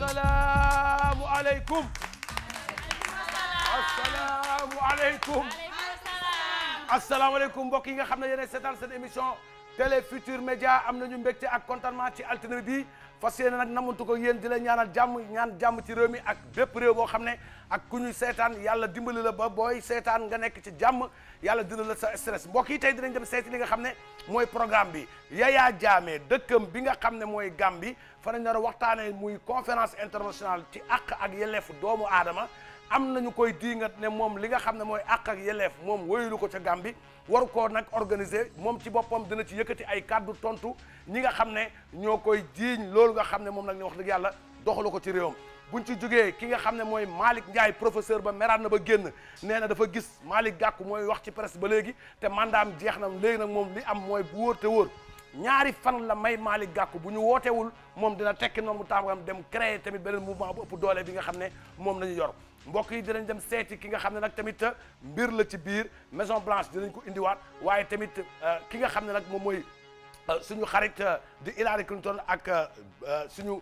assalaamu aleykum assalaamu aleykum assalaamu aleykum mbokk yi nga xam ne yéen a seetaan seen émission Télé Futurs Médias am nañu mbégte ak contentement ci altine bi fas yéene nag namuntu ko yéen di la ñaanal jàmm ñaan jàmm ci réew ak bépp réew boo xam ne ak ku ñuy seetaan yàlla dimbali la ba booy seetaan nga nekk ci jàmm yàlla dina la sa stress mbokk yi tey dinañ dem li nga xam ne mooy programme bi Yaya Jammeh dëkkam bi nga xam ne mooy Gambie fa nañ nar a waxtaanee muy conférence internationale ci àq ak yelleefu doomu aadama am nañu koy diingat ne moom li nga xam ne mooy àq ak yeleef moom wéyulu ko ca bi waru koo nag organiser moom ci boppam dina ci yëkkati ay kàddu tontu ñi nga xam ne ñoo koy jiiñ loolu nga xam ne moom nag ñu wax dëgg yàlla doxalu ko ci réewam buñ ci jógee ki nga xam ne mooy Malick Ndiaye professeur ba meraan na ba génn nee na dafa gis Malick mooy wax ci presse ba léegi te mandaam jeex na léegi nag moom li am mooy bu wóor te ñaari fan la may Malick Gakou bu ñu wootewul moom dina tekki noonu mu tàmbali dem créer tamit beneen mouvement bu ëpp bi nga xam ne moom la ñu yor mbokk yi dinañ dem seeti ki nga xam ne nag tamit euh, mbir la ci biir Maison Blanche dinañ ko indiwaat waaye tamit euh, ki nga xam ne nag moom mooy euh, suñu xarit di Hillary Clinton ak suñu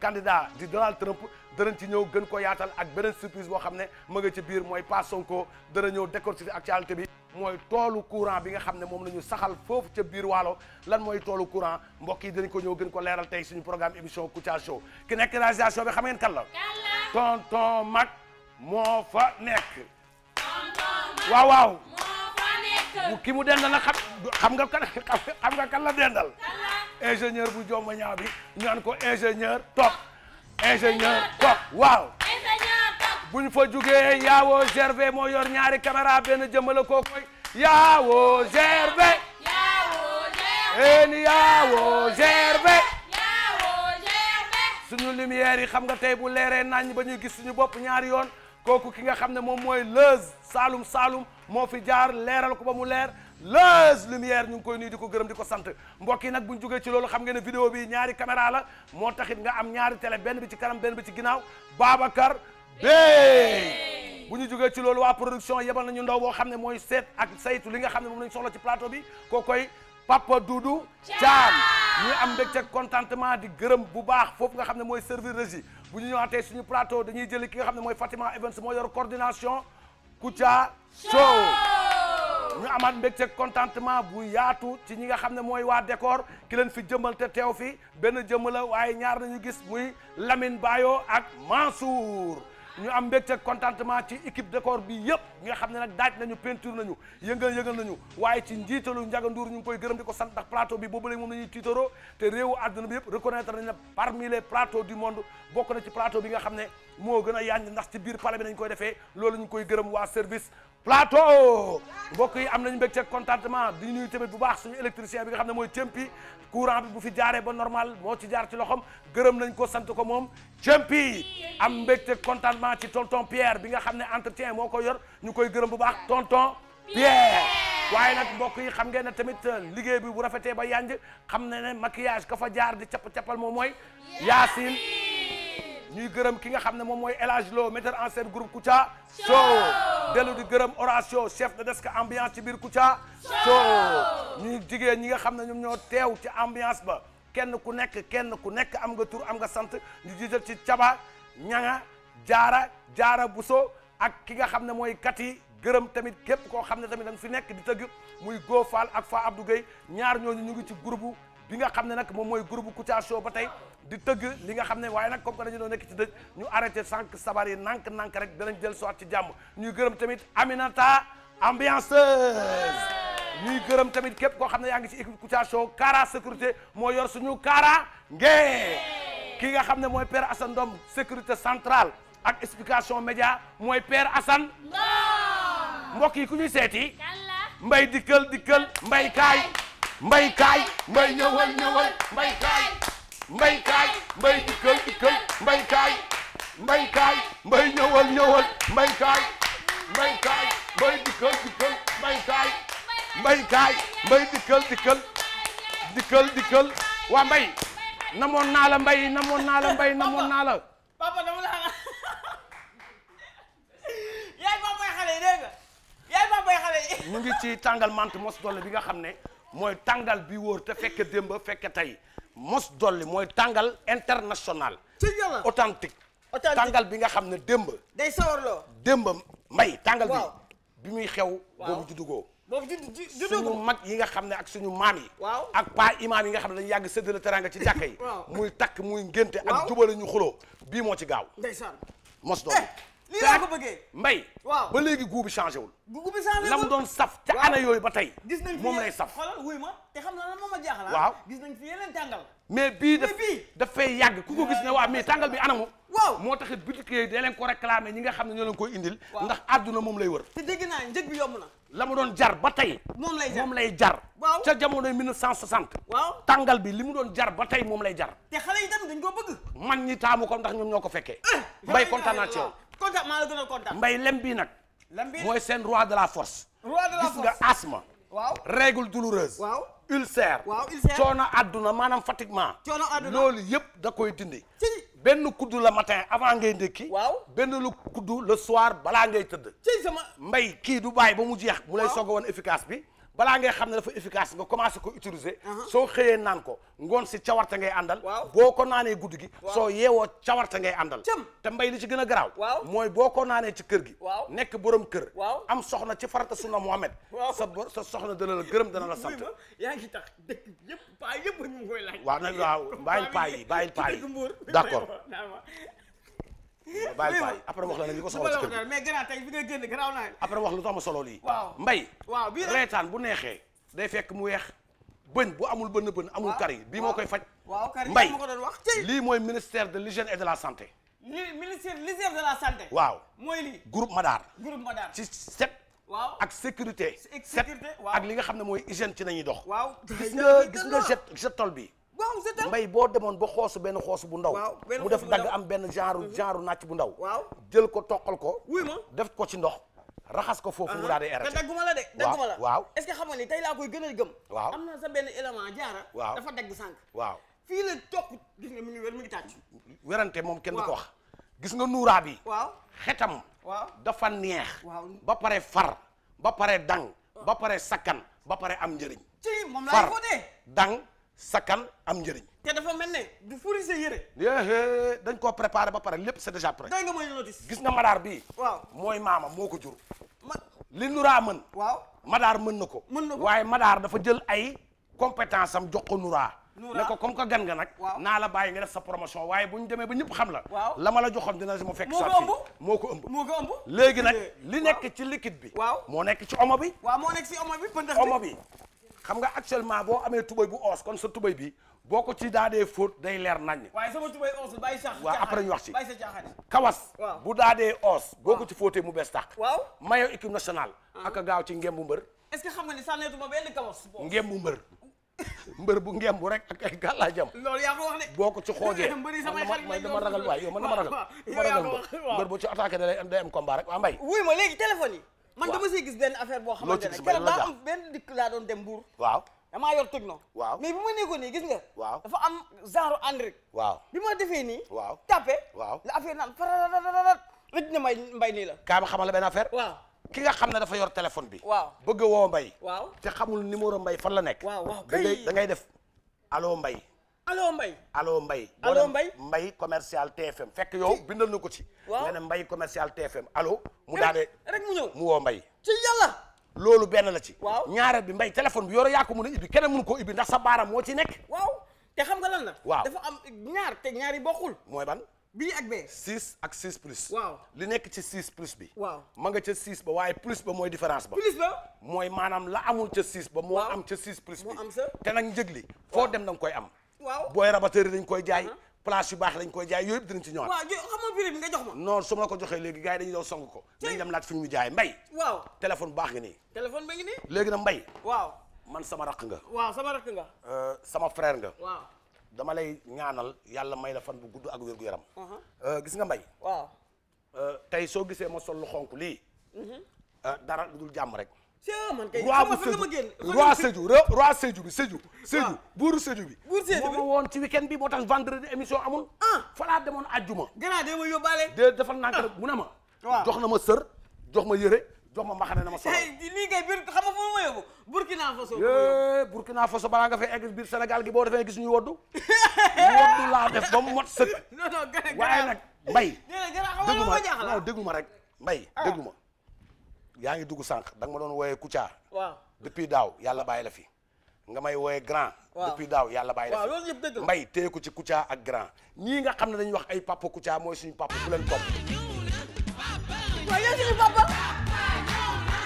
candidat di Donald Trump danañ ci ñëw gën ko yaatal ak beneen surprise boo xam ne ma nga ci biir mooy Pa Sonko dana ñëw décortiquer actualité bi mooy toolu courant bi nga xam ne moom la ñu saxal foofu ca biir waalo lan mooy toolu courant mbokk yi dinañ ko ñëw gën ko leeral tey suñu programme émission Kouthia Show ki bi xam ngeen la moo fa nekk waaw waaw bu ki mu dendal nag xam nga kan xam nga kan la dendal ingénieur bu jomba ñaaw bi ñu naan ko ingénieur toog ingénieur toog waaw buñ fa jugee yaawoo gervé moo yor ñaari caméra benn jëmale koo koy yaawoo gervé een yaawoo gervé suñu lumière yi xam nga tey bu leeree nañ ba ñuy gis suñu bopp ñaari yoon kooku ki nga xam ne moom mooy Leuz Saloum Saloum moo fi jaar leeral ko ba mu leer Leuz Lumière ñu ngi koy nuyu di ko gërëm di ko sant mbokk yi nag buñ jógee ci loolu xam ngeen ne vidéo bi ñaari caméra la moo taxit nga am ñaari télé benn bi ci kanam benn bi ci ginnaaw Babacar Bey bu ñu jógee ci loolu waa production yebal nañu ndaw boo xam ne mooy seet ak saytu li nga xam ne moom lañ soxla ci plateau bi koo koy Papa Doudou Thiam ñu am mbégte contentement di gërëm bu baax foofu nga xam ne mooy service régie bu ñu ñëwaatee suñu plateau dañuy jëli ki nga xam ne mooy Fatima Evans moo yor coordination Kouthia Show ñu amaat mbégte contentement bu yaatu ci ñi nga xam ne mooy waa décor ki leen fi jëmmal te teew fi benn jëmm waaye ñaar nañu gis muy Lamine Bayo ak Mansour ñu am mbégte contentement ci équipe décor bi yëpp nga xam ne nag daaj nañu peinture nañu yëngal yëngal nañu waaye ci njiitalu Ndiaga Ndour ñu ngi koy gërëm di ko sant ndax plateau bi boobu léegi moom la ñuy tiitaroo te réewu àdduna bi yëpp reconnaître nañ ne parmi les plateaux du monde bokk na ci plateau bi nga xam ne moo gën a yànj ndax ci biir palais bi koy defee loolu ñu koy gërëm waa service plateau mbokk yi am nañu mbégte contentement di nuy tamit bu baax suñu électricien bi nga xam ne mooy cëmpi courant bu fi jaare ba normal moo ci jaar ci loxom gërëm nañ ko sant ko moom cëmpi am mbégte contentement ci tonton Pierre bi nga xam ne entretien moo ko yor ñu koy gërëm bu baax tonton Pierre waaye nag mbokk yi xam ngeen ne tamit euh, liggéey bi bu rafetee ba yanj xam ne ne maquillage ka fa jaar di capp-cappal moom mooy Yacine ñuy gërëm ki nga xam ne moom mooy El Hadj Lo metteur en scène ku ca show dellu di gërëm Horatio chef de desk ambiance ci biir ku ca ñuy jigéen ñi nga xam ne ñoom ñoo teew ci ambiance ba kenn ku nekk kenn ku nekk am nga tur am nga sant ñu jiital ci caba ñanga jaara jaara buso ak ki nga xam ne mooy kat yi gërëm tamit képp koo xam ne tamit da nga fi nekk di tëgg muy Go Fall ak Fa Abdou Gueye ñaar ñooñu ñu ngi ci groupe li nga xam ne nag moom mooy groupe Kouthia Show ba tey di tëgg li nga xam ne waaye nag comme que dañu doon nekk ci dëj ñu arrêté sànq sabar yi nank nank rek danañ jël soit ci jàmm ñuy gërëm tamit Aminata ambianceuse ñuy gërëm tamit képp koo xam ne yaa ngi ci équipe Kouthia Show Kara sécurité moo yor suñu Kara ngee ki nga xam ne mooy père Assane Ndom sécurité centrale ak explication média mooy père Assane mbokk yi ku ñuy seeti mbay dikkal dikkal mbay kaay mbay kaay mbay ñëwal ñëwal mbay kaay mbay kaay mbay dikkal dikkal mbay kaay mbay kaay mbay mbay kaay mbay dikkal dikkal mbay kaay mbay dikkal dikkal dikkal waa mbay namoon naa la mbay namoon naa la mbay namoon naa la papa dama la yaay papay xale yi dégg nga yaay papay xale yi ñu ci tàngal mante mos doole bi nga xam ne mooy tàngal bi wóor te fekk démb fekke tey mos dolli mooy tàngal international authentique tàngal bi nga xam ne démb day sawarloo démb mbay tàngal bi bi muy xew boobu juddugoo boobu judd suñu mag yi nga xam ne ak suñu maam yi waaw ak paa imaam yi nga xam ne dañu yàgg séddale teranga ci jàkka yi muy takk muy ngénte ak jubale ñu xuloo bii moo ci gaaw ndeysaan mos dolli eh. lii laa ko bëggee mbay waaw ba léegi guubi changé wul guubi changé wul la mu doon saf ca ana yooyu ba tey gis nañ moom lay saf xoolal wuy ma te xam na lan moo ma jaaxal ah. waaw gis nañ fi yeneen tàngal mais bii daf dafay yàgg ku ko gis ne waaw mais tàngal bi anamu waaw moo taxit boutique yooyu da leen ko réclamé ñi nga xam ne ñoo leen koy indil ndax àdduna moom lay wër te dégg naa njëg bi yomb na la doon jar ba tey moom lay jar lay jar waaw ca jamonoy 1960 waaw tàngal bi li mu doon jar ba tey moom lay jar te xale yi tamit dañ koo bëgg man ñi taamu ko ndax ñoom ñoo ko fekkee eh, mbay kontaan kontaan maa mbay lem bii nag. lem bii mooy seen roi de la force. roi nga asthme. waaw règle douloureuse. waaw ulcère. waaw ulcère coono adduna maanaam fatiguement. coono adduna loolu yëpp da koy dindi. benn kuddu la matin avant ngay ndékki. waaw benn lu kuddu le soir balaa ngay tëdd. sama mbay kii du bàyyi ba mu jeex. mu lay soog a woon efficace bi. balaa ngay xam ne dafa efficace nga commencé ko utiliser soo xëyee naan ko ngoon si cawarte ngay àndal boo ko naanee guddi gi soo yeewoo cawarta ngay àndal te mbay li ci gën a garaaw mooy boo ko naanee ci kër gi nekk boroom kër am soxna ci farata sunna Muhammad sa sa soxna dana la gërëm dana la sant yaa ngi tax dëkk yëpp paa yëpp ñu ngi koy laaj waaw nag waaw bàyyil paa yi bàyyil paa yi d'accord baal baal après wax la nag li ko soxla ci kër mais solo lii mbay reetaan bu neexee day fekk mu weex bëñ bu amul bënn bënn amul kari bii moo koy faj waaw kari mbay ma ko doon wax lii mooy ministère de l'hygiène et de la santé lii ministère l'hygiène de la santé waaw mooy lii groupe Madar groupe Madar ci set waaw ak sécurité set ak li nga xam ne mooy hygiène ci nañuy dox gis gis nga jet jetol bi waaw seetal mbay boo demoon ba xoos benn xoosu bu ndaw mu def dagg am benn genre mm-hmm. genre nàcc bu ndaw waaw jël ko toqal ko wuy ma def ko ci ndox raxas ko foofu mu ah, daal di erré te de waaw est-ce xam nga ni tey laa koy gën a gëm waaw am na sa benn élément jaara waaw dafa dagg sànq waaw fii la toq gis nga mu ngi wér mu werante moom kenn du ko wax gis nga nuuraa bi waaw xetam dafa neex ba pare far ba pare dang ba pare sakkan ba pare am njëriñ ci moom dang sakan am njëriñ. te dafa mel ne du furi eh, eh, dañ koo préparé ba pare lépp c'est déjà prêt. day nga mooy lotis. gis nga madaar bi waaw mooy maama moo ko jur. ma li nuraa mën. waaw madaar mën na ko. mën na waaye madaar dafa jël ay compétence am jox ko nuraa. ne ko comme que gan nga nag. naa la bàyyi nga def sa promotion waaye bu ñu demee ba ñëpp xam la. waaw la ma la joxoon dina si ma fekk. saa moo ko ëmb moo ko léegi nag eh. li nekk ci liquide bi. waaw moo nekk ci omo bi. waaw moo nekk ci omo bi pëndax bi omo bi. xam nga actuellement boo amee tubay bu oos kon sa tubay bi boo ko ci daadee fóot day leer nañ. waaye sama tubay oos ba sa caaxaan waaw après ñu wax ci bàyyi sa caaxaan kawas bu daadee oos boo ko ci fóotee mu bees tàq waaw mayo équipe nationale ah. ak gaaw ci ngembu mbër est-ce que xam nga ni sànneetuma benn kawas ngembu mbër mbër bu ngembu rek ak ay gàllaajam loolu yaa ko wax de boo ko ci xoojee may dama ragal waay yow man dama ragal dama ragal mbër bu ci da lay day rek waa mbay léegi téléphone yi man dama see gis benn affaire boo xamante ne keroog daa am benn dikk laa doon dem Mbour waaw damaa yor tëg no waaw mais bi ma nekkoon nii gis nga waaw dafa am genre andrik waaw bi ma defee nii waaw tapé waaw la affaire naan fararararat rëj na may mbay nii la kaa ma xamal la benn affaire waaw ki nga xam ne dafa yor téléphone bi waaw bëgg woo mbay waaw te xamul numéro mbay fan la nekk waaw ngay def aloo mbay allo mbay allo Mbaye allo Mbaye Mbaye commercial TFM fekk yow bindal na ko ci waaw ne mbay commercial TFM alo mu daane rek mu ñëw mu woo mbay ci loolu benn la ci waaw ñaareel bi Mbaye téléphone bi yoro yaa ko mën a ibbi keneen mënu koo ibbi ndax sa baaraam moo ci nekk waaw te xam nga lan la waaw dafa am ñaar te ñaari yi bokkul mooy ban bii ak bee six ak six plus waaw li nekk ci six plus bi waaw ma nga ca six ba waaye plus ba mooy différence ba plus mooy maanaam la amul ca six ba moo am ca six plus bi te nag njëg li foo dem da koy am waaw booy rabatteur yi dañ koy jaay place yu baax lañ koy jaay yooyu yëpp dinañ ci ñëwaat waaw xam nga prix su ma ko joxee léegi gaa yi dañuy daw song ko dañ dem laaj fu ñu jaay mbay waaw téléphone baax nga nii téléphone ba léegi na mbay waaw man sama rakk nga waaw sama rakk nga euh, sama frère nga waaw dama lay ñaanal yàlla may la fan bu gudd ak wér-gu-yaram euh, gis nga mbay euh, tey soo gisee ma sol lu xonk lii mhm. dara lu dul jàmm rek sëñ man kay roi bu Sédhiou roi Sédhiou roi Sédhiou bi Sédhiou. Sédhiou bi. buuru woon ci weekend bi moo tax vendredi émission amul. Ah. fa laa demoon àjjuma. gannaaw de ma yóbbaale. de defal naa ah. ko mu na ma. waaw jox na ma sër jox ma yëre jox ma maxane na ma solo. lii kay biir xam nga fu ma yóbbu Burkina Faso. Burkina Faso balaa nga biir Sénégal gi boo defee gis ñu woddu. woddu laa def ba mu mot sëkk. a a waaye nag mbay. dégg ma non dégg ma rek mbay ah. dégg ma yaa ngi dugg sànq dang ma doon wooyee Kouthia. waaw daaw yàlla bàyyi la fi. nga may wooyee grand. depuis daaw yàlla bàyyi la fi ko ci Kouthia ak grand ñii nga xam ne dañuy wax ay papa Kouthia mooy suñu papa bu leen topp. waaw yaa papa.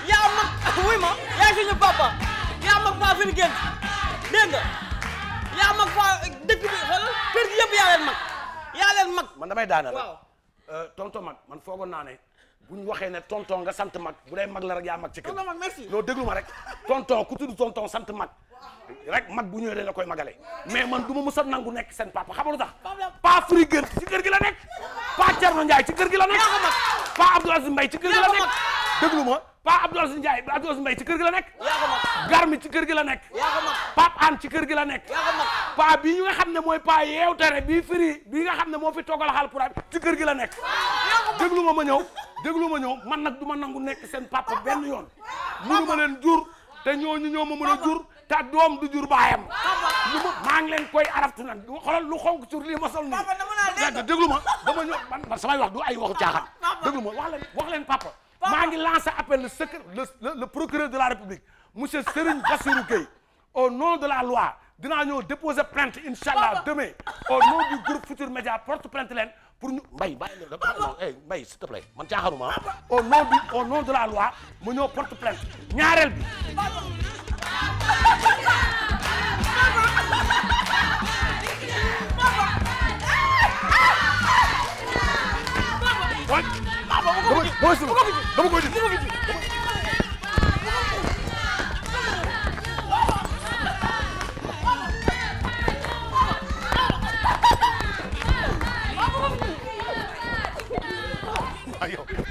yaa mag wuy ma yaa suñu papa. yaa mag waa Virgen dégg nga. yaa mag waa dëkk bi xoolal kër gi yëpp yaa leen man damay daane rek. Euh, man foogoon naa bu ñu waxee ne tonton nga sant mag bu dee mag la rek yaa mag ci kër non déglu ma rek tonton ku tudd tonton sant mag rek mag bu ñëwee dañ la koy magale mais man du ma mës a nangu nekk sen papa xam lu tax pa Frigueur ci kër gi la nekk pa Thierno Ndiaye ci kër gi la nekk pa Abdou Aziz Mbaye ci kër gi la nekk déglu ma pa Abdou Aziz Ndiaye Abdou Aziz Mbaye ci kër gi la nekk garmi ci kër gi la nekk Pape Anne ci kër gi la nekk bi ñu xam ne mooy pa yeewtere bii firi bi nga xam ne moo fi toogal xaal ci kër gi la nekk déglu ma ma ñëw déglu ma ñëw man nag du ma nangu nekk seen papa benn yoon mënu ma leen jur te ñooñu ñoo ma mën a jur te doom du jur baayam lu ma maa ngi leen koy araftu nag xoolal lu xonk sur lii ma sol nii ma ba ma man samay wax du ay waxu caaxaan déglu ma wax leen wax leen papa ngi lancé appel le secret le procureur de la république monsieur Serigne Bassirou Gueye au nom de la loi dinaa ñëw déposer plainte incha allah demain au nom du groupe Futur Média porte plainte leen pour ñu mbay bàyyi la dafa non eh mbay s'il te plaît man caaxaruma au nom du au nom de la loi mu ñëw porte plainte ñaareel bi dama koy dama koy dama koy 哎呦！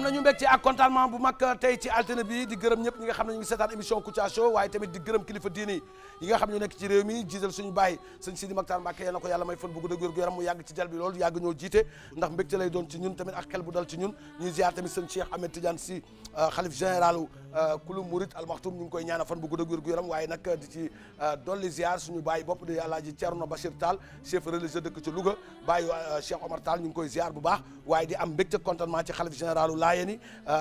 am nañu mbég ci ak contentement bu mag tey ci altine di gërëm ñëpp ñi nga xam ne ñu ngi seetaan émission Kouthia Show waaye tamit di gërëm kilifa diini yi nga xam ñu nekk ci réew mi jiital suñu bàyyi sëñ Sidi Maktar Mbàkke yal na ko yàlla may fan bu gudd ak wér mu yàgg ci jal bi loolu ñoo jiite ndax mbégte doon ci ñun tamit ak xel bu dal ci ñun ñuy ziar tamit sëñ Cheikh Ahmed Tidiane Sy euh, xalif généralu Euh, kulu murit almaxtum ñu ngi koy ñaana fan bu gudd ak wér gu yaram waaye nag di ci euh, dolli ziar suñu bàyyi bopp di àlaaji Thierno Bachir Tall chef religieux dëkk ci Louga bàyyi euh, Cheikh Omar Tall ñu ngi koy ziar bu baax waaye di am mbégte contentement ci xalif généralu Laayeen yi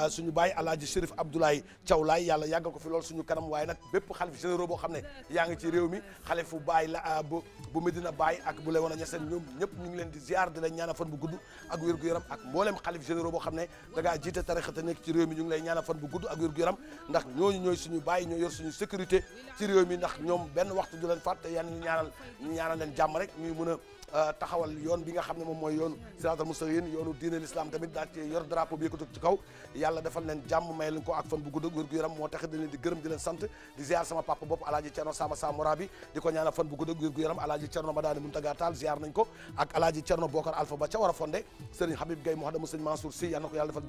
suñu bàyyi àlaaji Chérif Abdoulaye Thiaw Laay yàlla yàggal ko fi lool suñu kanam waaye nag bépp xalif généraux boo xam ne yaa ngi ci réew mi xalifu Baay la bu bu Medina Baay ak bu Léona Niassène ñu ngi leen di ziar di leen ñaana fan bu gudd ak wér gu yaram ak mbooleem boo xam ne da ngaa jiite tarixa te nekk ci ñu ngi lay ñaana fan bu gudd ak wér ndax ñooñu ñooy suñu bàyyi ñoo yor suñu sécurité ci réew mi ndax ñoom benn waxtu du leen fàtte yan ñu ñaanal ñu jàmm rek ñuy mun a Euh, taxawal yoon bi nga xam ne moom mooy yoonu siraatal mustaqim yoonu diine l'islam tamit daa ci yor drapeau bi yëkkatu ci kaw yàlla defal leen jàmm may leen ko ak fan bu gudd wér gu moo tax dañ leen di gërëm di leen sant di ziar sama papa bopp alaaji Cerno Sama Samora bi di ko ñaanal fan bu gudd wér gu alaaji Cerno Madani Muntaga Taal ziar nañ ko ak alaaji Cerno Bokar Alpha ba a fondé sëriñ Habib Gaye Mouhadama sëriñ Mansour Sy yàlla na ko yàlla defal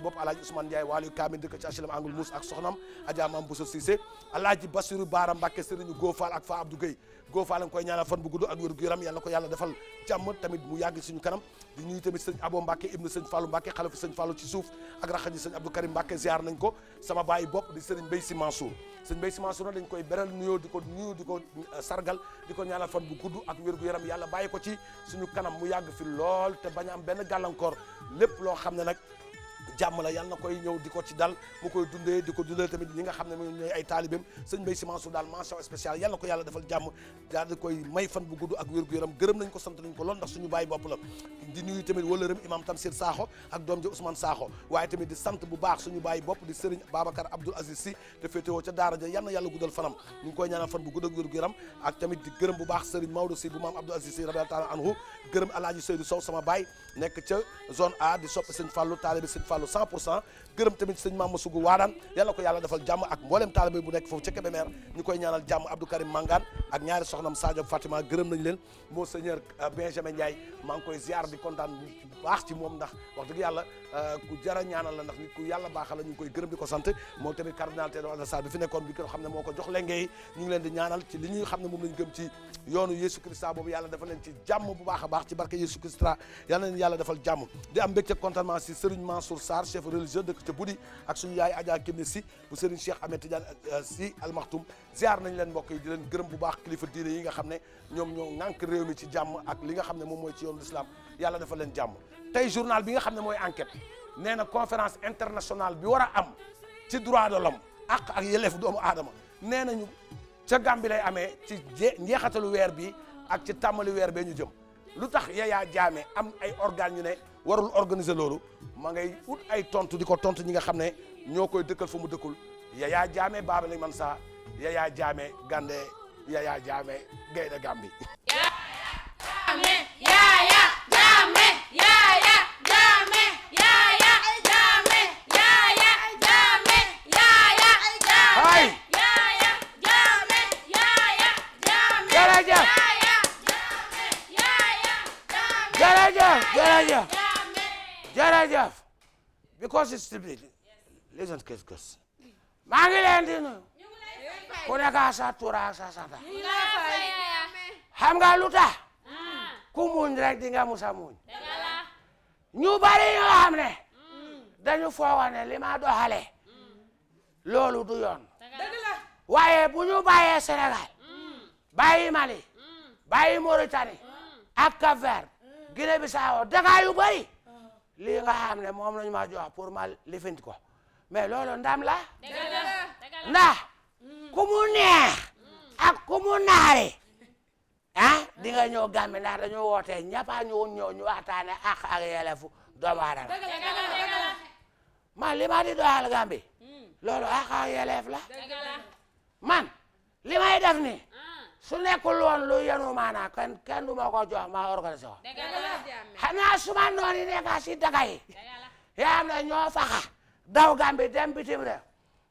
yaay bopp alaaji Ousmane Ndiaye waaliyu kaamil dëkk ci HLM Angle Mousse ak soxnam Adja Mam Bousso Cissé alaaji Bassirou Baara Mbacke sëriñu Gofal ak Fa Abdou Gueye Gofal nga ak wér gu yaram ko yalla defal jàmm tamit mu yàgg suñu kanam di nuyu tamit sëñ Abo Mbacke ibnu sëñ Fallou Mbacke xalifu sëñ Fallou ci suuf ak raxaji sëñ Abdou Karim Mbacke ziar nañ ko sama baay bopp di sëriñ Mbaye Sy Mansour sëñ Mbaye Sy Mansour dañ koy beral nuyoo di ko nuyoo di ko euh, sargal di ko ñaanal fan bu gudd ak wér gu yaram yàlla bàyyi ko ci suñu kanam mu yàgg fi lool te bañ am benn gàllankoor lépp loo xam ne nag jàmm la yal na koy ñëw di ko ci dal mu koy dundee di ko dundal tamit ñi nga xam ne moom ñooy ay taalibeem sëñ Mbaye Sy Mansour daal mention spéciale yal na ko yàlla defal jàmm daal di koy may fan bu gudd ak wér gu gërëm nañ ko sama baay nekk ca zone A di sopp sëñ Fallou taalibe sëñ Fallou 100 pour cent gërëm tamit sëñ Mama Sougou Waadaan yàlla ko yàlla defal jàmm ak mbooleem taalibe bu nekk foofu ca Kébémer ñu koy ñaanal jàmm Abdou Karim Mangane ak ñaari soxnam Sadio Fatima gërëm nañ leen Monseigneur euh, Benjamin Ndiaye maa koy ziar di kontaan bu ci moom ndax wax dëgg yàlla euh, ku jara ñaanal la ndax nit ku yàlla la ñu koy gërëm di ko sant moom tamit cardinal Théodore Adrien Sarr bi fi nekkoon bi ko xam ne moo ko jox lengee ñu ngi leen di ñaanal ci li ñuy leen jàmm a Sarr chef religieux dëkk ca Budi ak suñu yaay Adja Kine si bu Serigne Cheikh Ahmed Tidiane euh, si almakhtum ziar nañ leen mbokk yi di leen gërëm bu baax kilifa diine yi nga xam ne ñoom ñoo ŋànk réew mi ci jàmm ak li nga xam ne moom mooy ci yoonu l'islam yàlla dafa leen jàmm tey journal bi nga xam ne mooy enquête nee na conférence internationale bi war a am ci droit de l'homme ak ak yelleef doomu aadama nee nañu ca Gàmbi lay amee ci njeexatalu weer bi ak ci tàmmali weer bee ñu jëm lu tax Yaya Jammeh am ay organes ñu ne warul organise loolu ma ngay ut ay tontu di ko tontu ñi nga xam ne ñoo koy dëkkal fu mu dëkkul Yaya Jammeh Baba lañ man saa Yaya Jammeh Gandé Yaya Jammeh Gaynde Gambi Yeah. jërëjëf because it's stupid listen kës kës maa ngi leen di nuyu ku nekk a sa tur a sa lu tax ku muñ rek di nga musa muñ ñu bari ñoo xam ne dañu fooga ne li ma doxale loolu du yoon waaye bu ñu bàyyee Sénégal bàyyi Mali bàyyi Mauritanie ak Cap-Vert Guinée-Bissau dëkk yu bari lii nga xam ne moom lañu ma jox pour ma lifinti ko mais loolu ndam la ndax ku mu neex ak ku mu naari ah di nga ñëw gàmmi ndax dañoo woote ñapaa ñu ñëw ñu waxtaane ak ak yelefu doomu aadama man li ma di doxal gàmbi hmm. loolu ak ak yelef la man li may def nii su nekkul woon lu yenu maanaa kenn du ma ko jox ma organisé ko xanaa suma noon yi nekka si daga yi yaa xam ne gambi dem bitim réew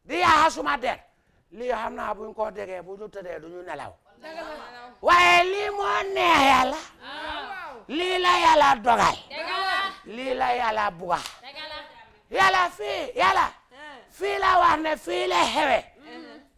di yaaxa suma der lii xam naa buñ ko déggee bu ñu tëddee du ñu nelaw waaye lii moo neex yàlla lii la yàlla dogal lii la yàlla buga yàlla fii yàlla eh. fii la wax ne fii la xewe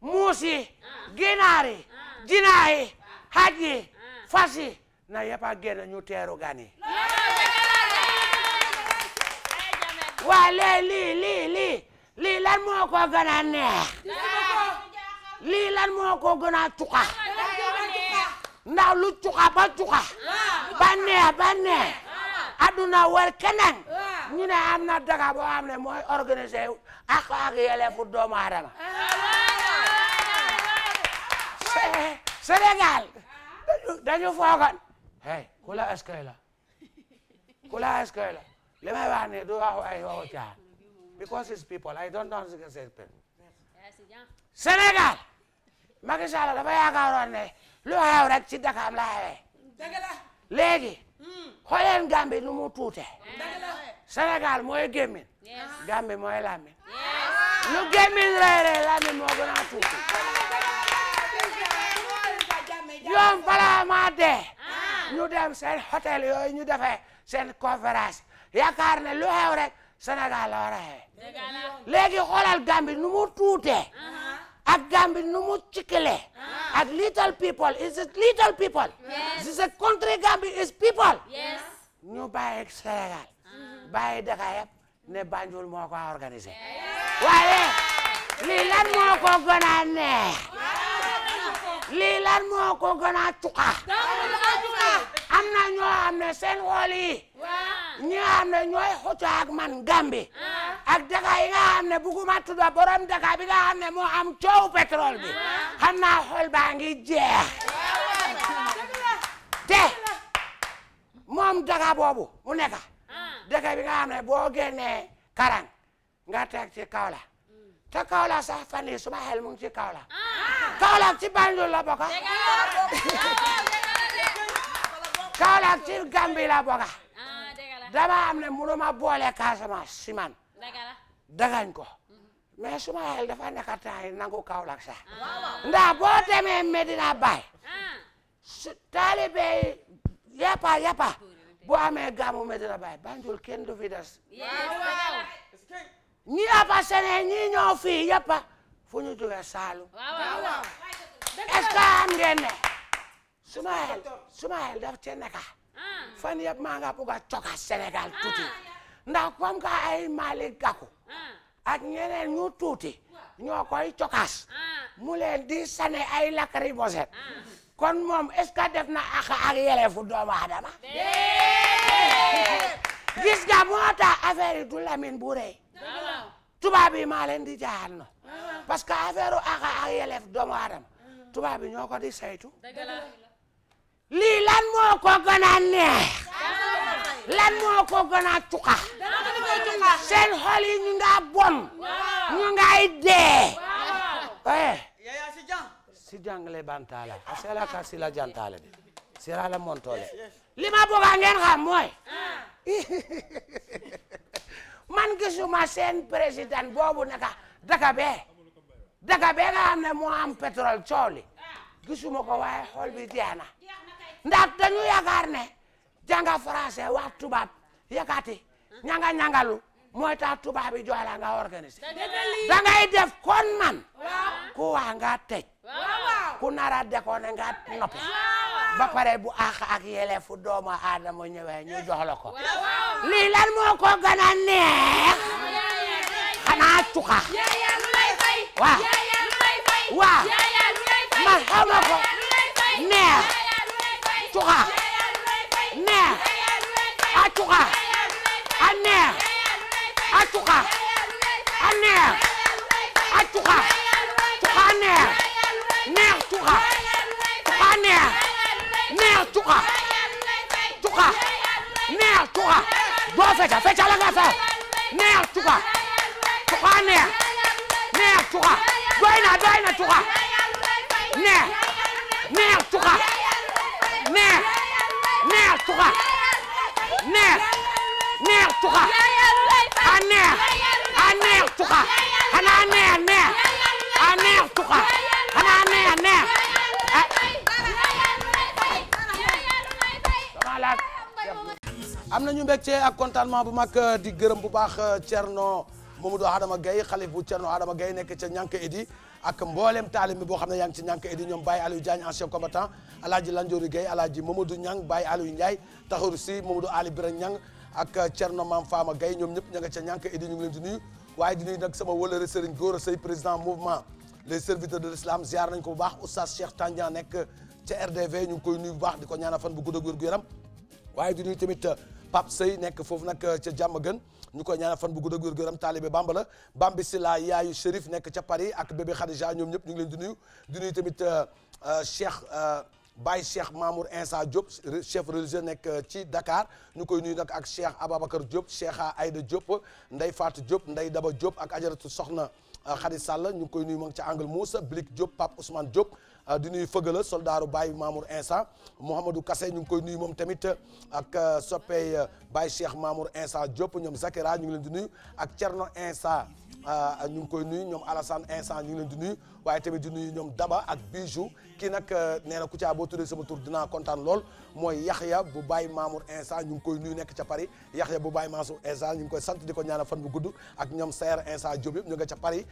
muus yi ginaar yi jinaa na yëpp a génn ñu teeru waa léegi lii lii lii lii lan moo ko gën a lii lan moo ko gën a cuqa lu cuqa ba cuqa ba neex ba neex adduna wër keneen ñu ne am na daga boo xam ne mooy organiser ak ak yelleefu doomu aadama Sénégal dañu foogan hey ku la askay la ku lu xew rek ci Dakar la xewee léegi hmm. xooleen Gambie nu mu tuute Sénégal mooy gémmin Gambie mooy làmmin lu gémmin reere làmmin moo gën a tuuti ñoom balaa maa dee ah. ñu dem seen hôtel yooyu ñu defee seen conférence yaakaar ne lu xew rek Sénégal la war a xew léegi xoolal Gambie nu mu tuutee ah. ak Gambie nu mu cikkilee ah. ak little people is it little is a country Gambie is people ñu bàyyi Sénégal bàyyi daka yëpp ne Banjul moo ko organisé waaye lii lan moo lii lan moo ko gën a am na ñoo xam ne seen xool yi ñi ne ñooy xucco ak man gambi ak daka yi nga xam ne buguma tudda borom daka bi nga ne moo am coow pétrole bi xam naa xool baa ngi jeex te moom daka boobu mu nekka daka bi nga ne boo génnee karang nga teg ci kaw te Kaolack sax fan yii suma xel mu ngi ci Kaolack. Ah. Kaolack Banjul la bokk. Oh, Kaolack ci Gambie la bokk. Ah, dama am ne mënuma boole Casamance si man. dagañ ko. mais suma xel dafa nekk temps nangu Kaolack sax. Ah. ndax boo demee Medina Baye. su yapa yapa bu amee gàmmu Medina Baye Banjul kenn du fi des. ñi apasene ñi ñoo fii yëpp fu ñu jóge Saalum est am ngeen ne suma xel suma daf ci nekk ah. fan yëpp maa nga bëgg a coka Sénégal ah. tuuti ndax comme que ay Malick Gakou ah. ak ñeneen ñu tuuti ñoo koy cokaas mu leen di sane ay lakari boset kon moom est-ce que def na ak ak yelefu doomu aadama gis nga moo tax affaire yi du Lamine tubaab yi maa leen di jaayal na parce que affaire ak ak yelef doomu aadama ñoo ko di saytu lii lan moo ko gën a lan moo ko gën a cuqa seen ñu nga bon ñu ngay dee eh si jàngale bantaala a sela ka si la jantaale de sira la montoole li ma bëgg ngeen mooy ah. man gisuma seen président boobu naka daka bee daka bee nga xam ne moo am pétrole coow gisuma ko waaye xool bi jeex na ndax dañu yaakaar ne jànga français wax tubaab yakati ñanga ñangalu mooy tax tubaab yi nga organiser da ngay def kon man ku wax nga tëj ku nara dekoo ne nga ba pare bu àq ak yelefu doomu aadama ñëwee ñu jox la ko lii neex xanaa cuqa waaw waaw ma xama neex cuqa neex a cuqa a neex a cuqa a neex neex neex cuqa neex neex cuqa cuqa neex cuqa doo fecca fecca la nga sax neex cuqa cuqa neex neex cuqa doy na doy na cuqa neex neex cuqa neex neex cuqa neex neex cuqa a neex a neex cuqa xanaa neex neex a neex cuqa xanaa neex neex malade. am ñu mbégte ak contentement bu mag di gërëm bu baax euh, Thierno Mamadou Adama gay xalif bu Thierno Adama gay nekk ca Ñank Edi ak mboolem taalim bi boo xam ne yaa ngi ci Ñank Edi ñoom Baye Aliou Diagne ancien combattant alaaji Landiori Gueye alaaji Mamadou Niang Baye Aliou Ndiaye Taxaru Si Mamadou Ali Biran Niang ak euh, Thierno Mame Fama Gueye ñoom ñëpp ña nga ca Ñank Edi ñu ngi leen di nuyu waaye di nuyu nag sama wëlëre Serigne Gora Seye président mouvement les serviteurs de l'islam ziar nañ ko bu baax Oustaz Cheikh Tandian nekk ca RDV ñu ngi koy nuyu bu baax bu gudd ak waaye di nuyu tamit euh, Pape Sey nekk foofu nag euh, ca jàmm gën ñu koy ñaanal fan bu gudd ak wér gu yaram taalibe Bamba la Bambi Sila yaayu Chérif nekk ca Paris ak bébé Khadija ñoom ñëpp ñu ngi leen di nuyu di nuyu tamit euh, Cheikh Baye Cheikh Mamour Insa Diop chef religieux nekk ci Dakar ñu koy nuyu nag ak Cheikh Ababacar Diop Cheikha ayda Diop nday Fatou Diop Ndeye Daba Diop ak ajaratu Soxna. Euh, Khady Sall ñu ngi koy nuyu moom ci angle Moussa Blick Diop Pape Ousmane Diop euh, di nuyu Fëgala soldaaru Baye Mamour Insa Mouhamadou Kassé ñu ngi koy nuyu moom tamit ak euh, soppey Baye Cheikh Mamour instant Diop ñoom Zakira ñu ngi leen di nuyu ak Thierno Insa ñu ngi koy nuyu ñoom Alassane Insa ñu ngi leen di nuyu waaye tamit di nuyu ñoom Daba ak Bijou kii nag nee na Kouthia boo tuddee sama tur dinaa kontaan lool mooy Yaxya bu Baye Mamour instant ñu ngi koy nuyu nekk ca Paris Yaxya bu Baye Mansour Insa ñu ngi koy sant di ko ñaanal fan bu gudd ak ñoom Seer Insa Diop yëpp ñu nga ca Paris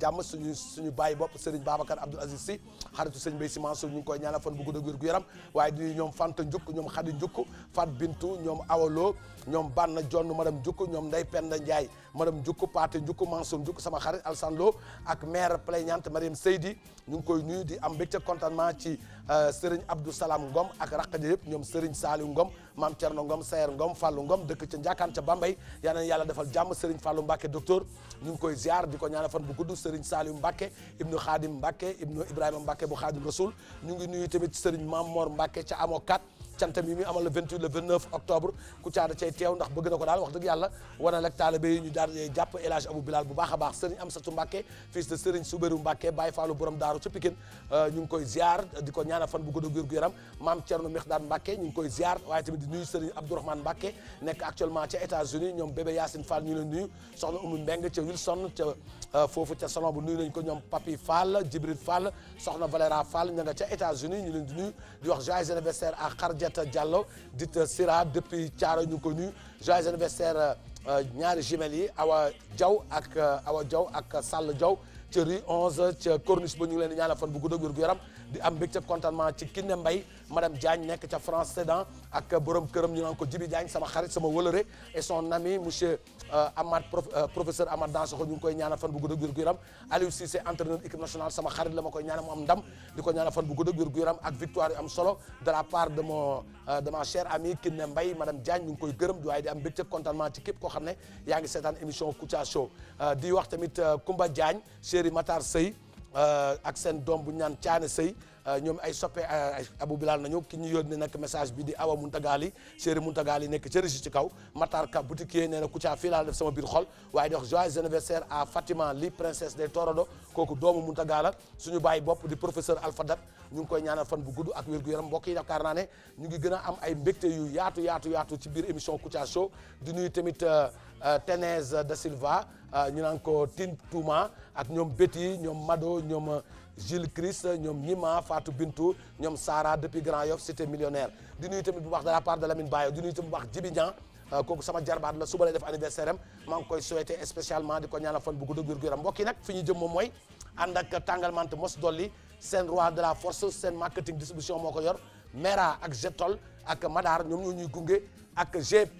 jàmm suñu suñu bàyyi bopp Serigne Babacar Abdoul Aziz Sy xaritu Serigne Mbaye ñu ngi koy ñaanal bu gudd gu yaram waaye di ñoom Fanta Ndiouk ñoom Khady Ndiouk Fat Bintou ñoom Awalo ñoom Banna Jonn madame Ndiouk ñoom Ndeye Penda Ndiaye madame Ndiouk Paté Ndiouk Mansour Ndiouk sama xarit Alsan Lo ak maire plaignante Mariam Seydi ñu ngi koy nuyu di am mbégte contentement ci Euh, Serigne Abdou Salam Ngom ak raqa ja yëpp ñoom Serigne Saliou Ngom maam Thierno Ngom Sayer Ngom Fallou Ngom dëkk ca Ndiakane ca Bambey yal na yàlla defal jàmm Serigne Fallou mbake docteur ñu ngi koy ziar di ko ñaanal fan bu gudd Serigne Saliou Mbacke ibnu Khadim Mbacke ibnu Ibrahima Mbacke bu Khadim Rasoul ñu ngi nuyu tamit Serigne Mamor mbake ca Amokat cantam yi muy am le 28 le 29 octobre Kouthia da cay teew ndax bëgg na ko daal wax dëgg yàlla wanal ak taalibe yi ñu jàpp El Hadj Abou bu baax a baax Serigne Amsatou Mbacké fils de Serigne Soubérou Mbacké Baye Fallou borom daaru ca Pikine euh, ñu koy ziar di ko ñaanal fan bu gudd ak yaram maam Thierno Mekhdad Mbacké ñu ngi koy ziar waaye tamit di nuyu Serigne Abdourahmane Mbacké nekk actuellement ca États-Unis ñoom bébé Yacine Fall ñu leen nuyu soxna Oumou Mbeng ca Wilson Euh, foofu ca salon bu nuyu nañ ko ñoom Papi Fall Djibril Fall soxna Valéra Fall ña nga ca États-Unis ñu leen di nuyu di wax joyeux anniversaire à Khardiata Diallo dit Sira depuis Thiaro ñu ko nuyu joyeux anniversaire euh, ñaari jumelles yi Awa jaw ak euh, Awa Diaw ak sal Diaw ca rue 11 ca corniche ba ñu ngi leen di ñaanal fan bu gudd ak yaram di am mbégte contentement ci Kiné Mbaye madame Diagne nekk ca France Sedan ak borom këram ñu naan ko Jibi Diagne sama xarit sama wëlëre et son ami monsieur euh, Amath euh, professeur Amath Dansokho ñu ngi koy ñaanal fan bu gudd ak wér gu yaram Aliou Cissé entraîneur équipe nationale sama xarit la ma koy ñaanal mu am ndam di ko ñaanal fan bu gudd ak wér gu yaram ak victoire yu am solo de la part de mon euh, de ma chère amie Kiné Mbaye madame Diagne ñu ngi koy gërëm waaye di am mbégte contentement ci képp koo xam ne yaa ngi seetaan émission Kouthia Show di wax tamit Koumba Diagne chéri Matar Sey Euh, ak seen doom bu ñaan caane sëy ñoom ay soppe euh, Abou Bilal nañu ki ñu yónnee nag message bi di Awa Muntagali chéri Muntagali nekk ci Régis ci kaw Matar Ka boutiquier nee na Kouthia fii laa def sama biir xol waaye di wax joyeux anniversaire à Fatima Ly princesse des Torodo kooku doomu Muntagala suñu bàyyi bopp di professeur Alpha Dat ñu ngi koy ñaanal fan bu gudd ak wér gu yaram mbokk yi yaakaar naa ne ñu ngi gën a am ay mbégte yu yaatu yaatu yaatu ci biir émission Kouthia Show di nuyu tamit euh, Thérèse Da Silva Euh, ñu naan ko Tine Touma ak ñoom Betty ñoom Mado ñoom Gilles euh, Christ ñoom Nima Fatou Bintou ñoom Sarah depuis Grand Yoff cité millionnaire di nuyu tamit bu baax de la part de Lamine Bayo di nuyu tamit bu baax Djibi Niang euh, kooku sama jarbaat la suba lay def anniversaire am koy souhaité spécialement di ko ñaanal fan bu gudd ak wér-gu-yaram mbokk yi nag fi ñu jëm moom mooy ànd ak tàngalmante mos dolli seen roi de la force seen marketing distribution moo ko yor Mera ak Jetol ak gunge ak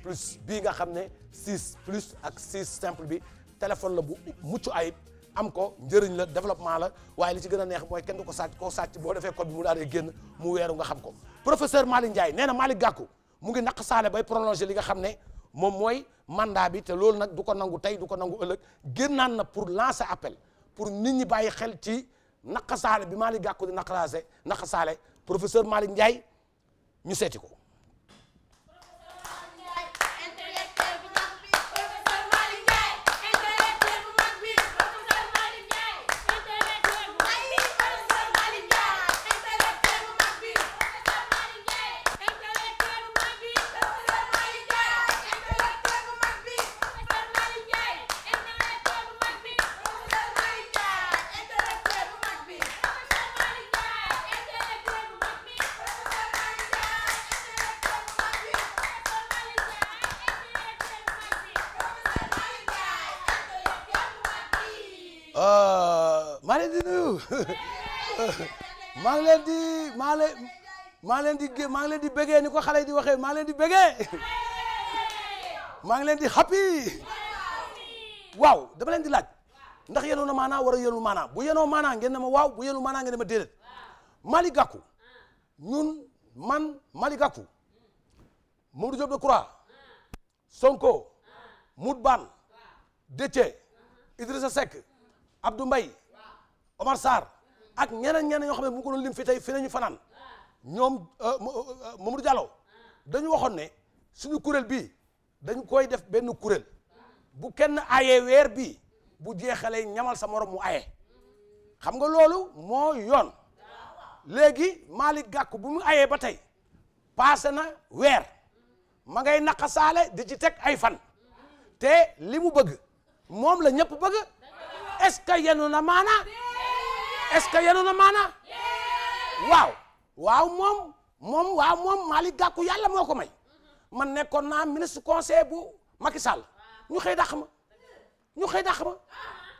plus bii nga xam ne 6 plus ak 6 simple bi téléphone la bu mucc ayib am ko njëriñ la développement la waaye li ci gën a neex mooy kenn du ko sàcc koo sàcc boo defee ko bi mu daal di génn mu weeru nga xam ko professeur Malick Ndiaye nee na Malick Gakou mu ngi naq saale bay prolongé li nga xam ne moom mooy mandat bi te loolu nag du ko nangu tey du ko nangu ëllëg naan na pour lancer appel pour nit ñi bàyyi xel ci naq saale bi Malick Gakou di naq saale naq saale professeur Malick Ndiaye ñu seeti ko ngi leen di maa leen maa leen di maa ngi leen di bégee ni ko xale di waxee maa ngi leen di bégee maa ngi leen di happy waaw dama leen di laaj ndax yenoon na maanaa war a yenul maanaa bu yenoo maanaa ngeen ne ma waaw bu yenul maanaa ngeen ne ma déedéet Malick Gakou ñun man Malick Gakou Mamadou Diop Decroix Sonko Mout Ban Déthié Idrissa Seck Abdou Mbaye Omar Sarr ak ñeneen ñeneen yoo xam ne bu ko doon lim fi tey fi nañu fanaan ñoom euh, euh, euh, Mamadou Diallo dañu waxoon ne suñu kuréel bii dañu koy def benn kuréel bu kenn ayee weer bii bu jeexalee ñamal sa morom mu aye xam nga loolu moo yoon léegi Malick gàkku bu mu ayee ba tey paase na weer ma ngay naqasaale di ci teg ay fan te li mu bëgg moom la ñëpp bëgg est-ce que yenu na maanaa est-ce que yéen na maana waaw waaw moom moom waaw moom Malick Gakou yàlla moo ko may man nekkoon naa ministre conseil bu Macky Sall ñu xëy dàq ma ñu xëy dàq ma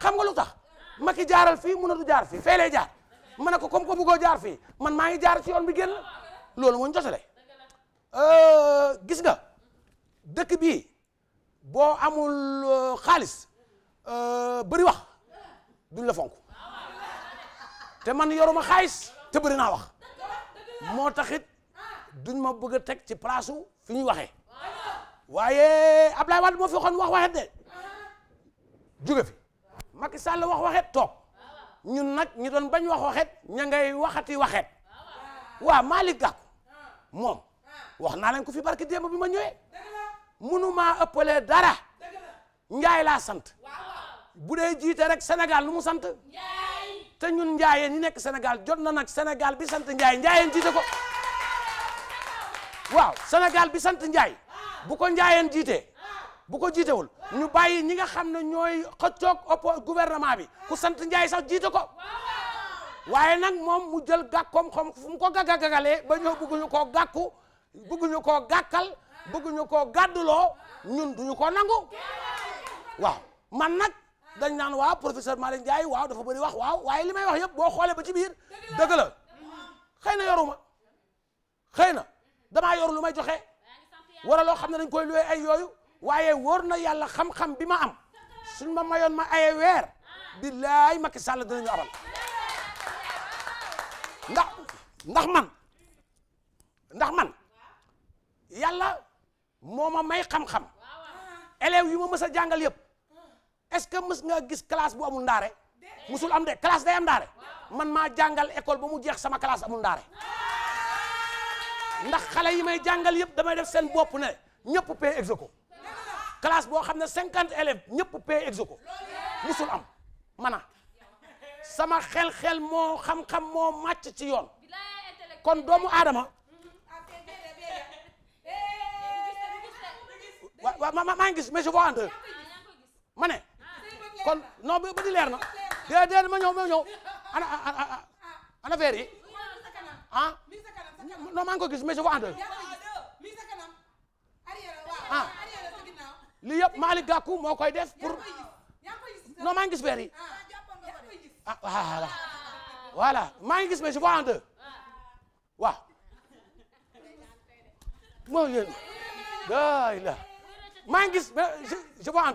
xam nga lu tax Macky jaaral fii mun a du jaar fii fee jaar ma ne ko comme ko bëggoo jaar fii man maa ngi jaar ci yoon bi génn loolu moo ñu jotale euh, gis nga dëkk bii boo amul euh, xaalis euh, bëri wax duñ la te man yoruma xaalis te bëri naa wax moo taxit duñ ma bëgg a teg ci prasu fi ñu waxee waaye Ablaye Wade moo fi waxoon wax waxet de jóge fi Macky Sall wax waxet toog ñun nag ñu doon bañ wax waxet ña ngay waxati waxet waaw Malick Gakou moom wax naa leen ko fi barki démb bi ma ñëwee mënumaa ëppalee dara Njaay laa sant bu dee jiite rek Sénégal lu mu sant te ñun njaayeen yi nekk senegal jot na nag senegal bi sant njaay njaayeen jiite ko waaw Sénégal bi sant njaay bu ko njaayeen jiitee bu ko jiitewul ñu bàyyi ñi nga xam ne ñooy xëccoog oppo gouvernement bi ku sant njaay sax jiite ko waaye nag moom mu jël gàkkoom xam fu mu ko gàggagalee ba ñoo bëgguñu koo gàkku bëgguñu koo gàkkal bëgguñu koo gàdduloo ñun ko nangu waaw man nag dañ naan waaw professeur Malick Ndiaye waaw dafa bëri wax waaw waaye li may wax yëpp boo xoolee ba ci biir dëgg la xëy na yoruma xëy na damaa yor lu may joxe wala loo xam ne dañ koy luwee ay yooyu waaye wóor na yàlla xam bi ma am suñ ma mayoon ma aye weer billaay Macky Sall dinañu abal ndax ndax man ndax man yàlla moo ma may xam-xam élèves yu ma mës a jàngal yëpp est-ce que mës nga gis classe bu amul ndaare musul am de classe day am ndaare man maa jàngal école ba mu jeex sama classe amul ndaare ndax xale yi may jàngal yëpp damay def seen bopp ne ñëpp pay ex aequo classe boo xam ne cinquante élèves ñëpp pay ex aequo musul am mana sama xel-xel moo xam-xam moo màcc ci yoon kon doomu aadama ma waaw maa ngi gis mais je kon non ba di leer na déedéet ma ñëw ma ñëw ana ana verre ah, ah? maa ngi ko gis mais je vois en deux ah lii moo koy def pour non maa ngi gis verre yi ah, maa ngi gis mais je vois en deux waaw moo yéen daa la maa ngi gis mais je vois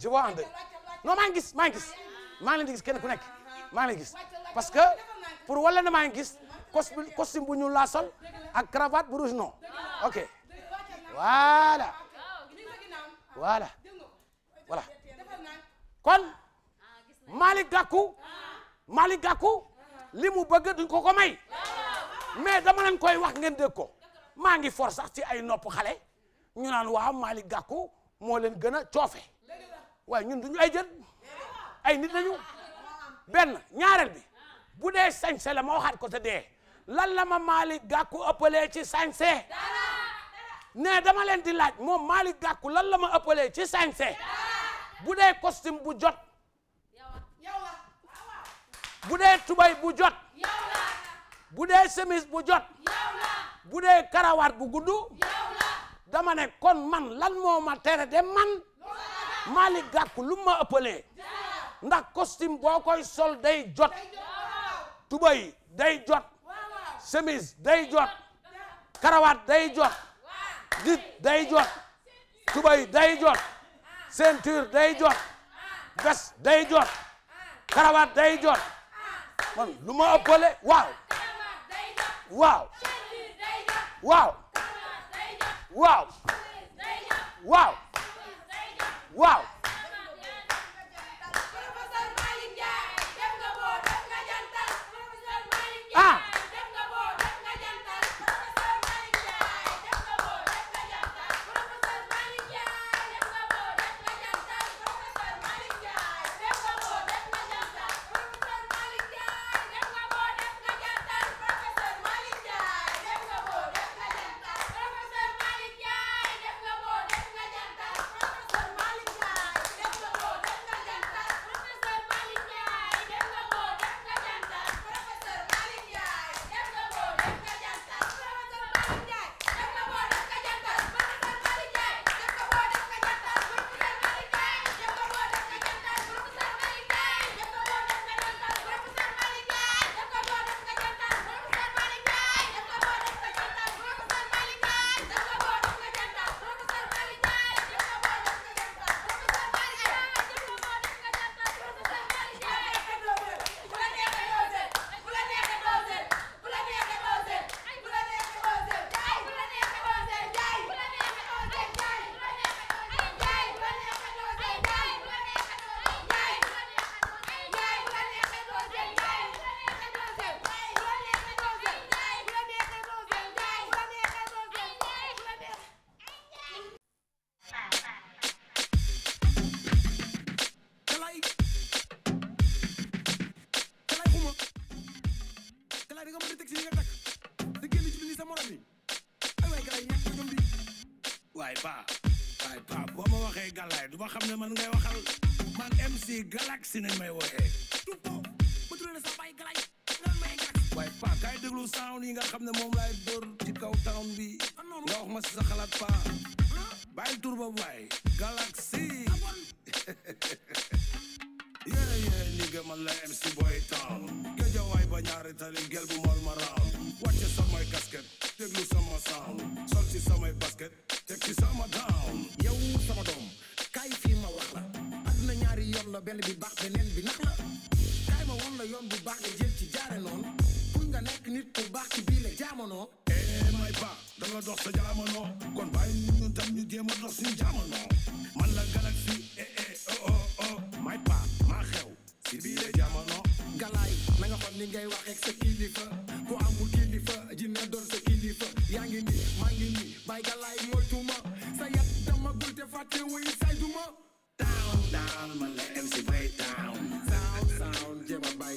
je vois en maa ngi gis maa ngi maa ngi leen kenn ku nekk maa ngi leen gis parce que pour wala na maa ngi gis costume bu ñuul laa sol ak cravate bu rouge non ok voilà voilà voilà kon Malick Gakou Malick Gakou li mu bëgg duñ ko ko may dama leen koy wax ngeen dégg ko maa ngi for sax ci ay noppu xale ñu naan waaw Malick Gakou moo leen gën a coofe waaye ñun duñu ay jën ay nit lañu benn ñaareel bi bu dee sañse la ma waxaat ko te dee lan la ma Malick Gakou ëppalee ci sañse ne dama leen di laaj moom Malick Gakou lan la ma ëppalee ci sañse bu dee costume bu jot bu dee tubay bu jot bu dee chemise bu jot bu dee karawaat bu gudd dama ne kon man lan moo ma tere de man Malick Gakou lu ma ëppalee costume boo koy sol day jot tubay day jot chemise day jot karawaat day jot dit day jot tubay day jot ceinture day jot veste day jot karawaat day jot man lu ma ëppale waaw. ah. xam ne man ngay waxal man MC Galaxy nañ may wooyee. tuut ba tudd na sa bay galay lan may gàtt. waaye Paa kaay déglu sound yi nga xam ne moom laay dóor ci kaw town bi ah, nga wax ma si sa xalaat Paa. maa ngi nii bay galaay moytuma sa yat dama gul te fàtte wuy sayduma down down man la MC bay down sound sound jéem a bay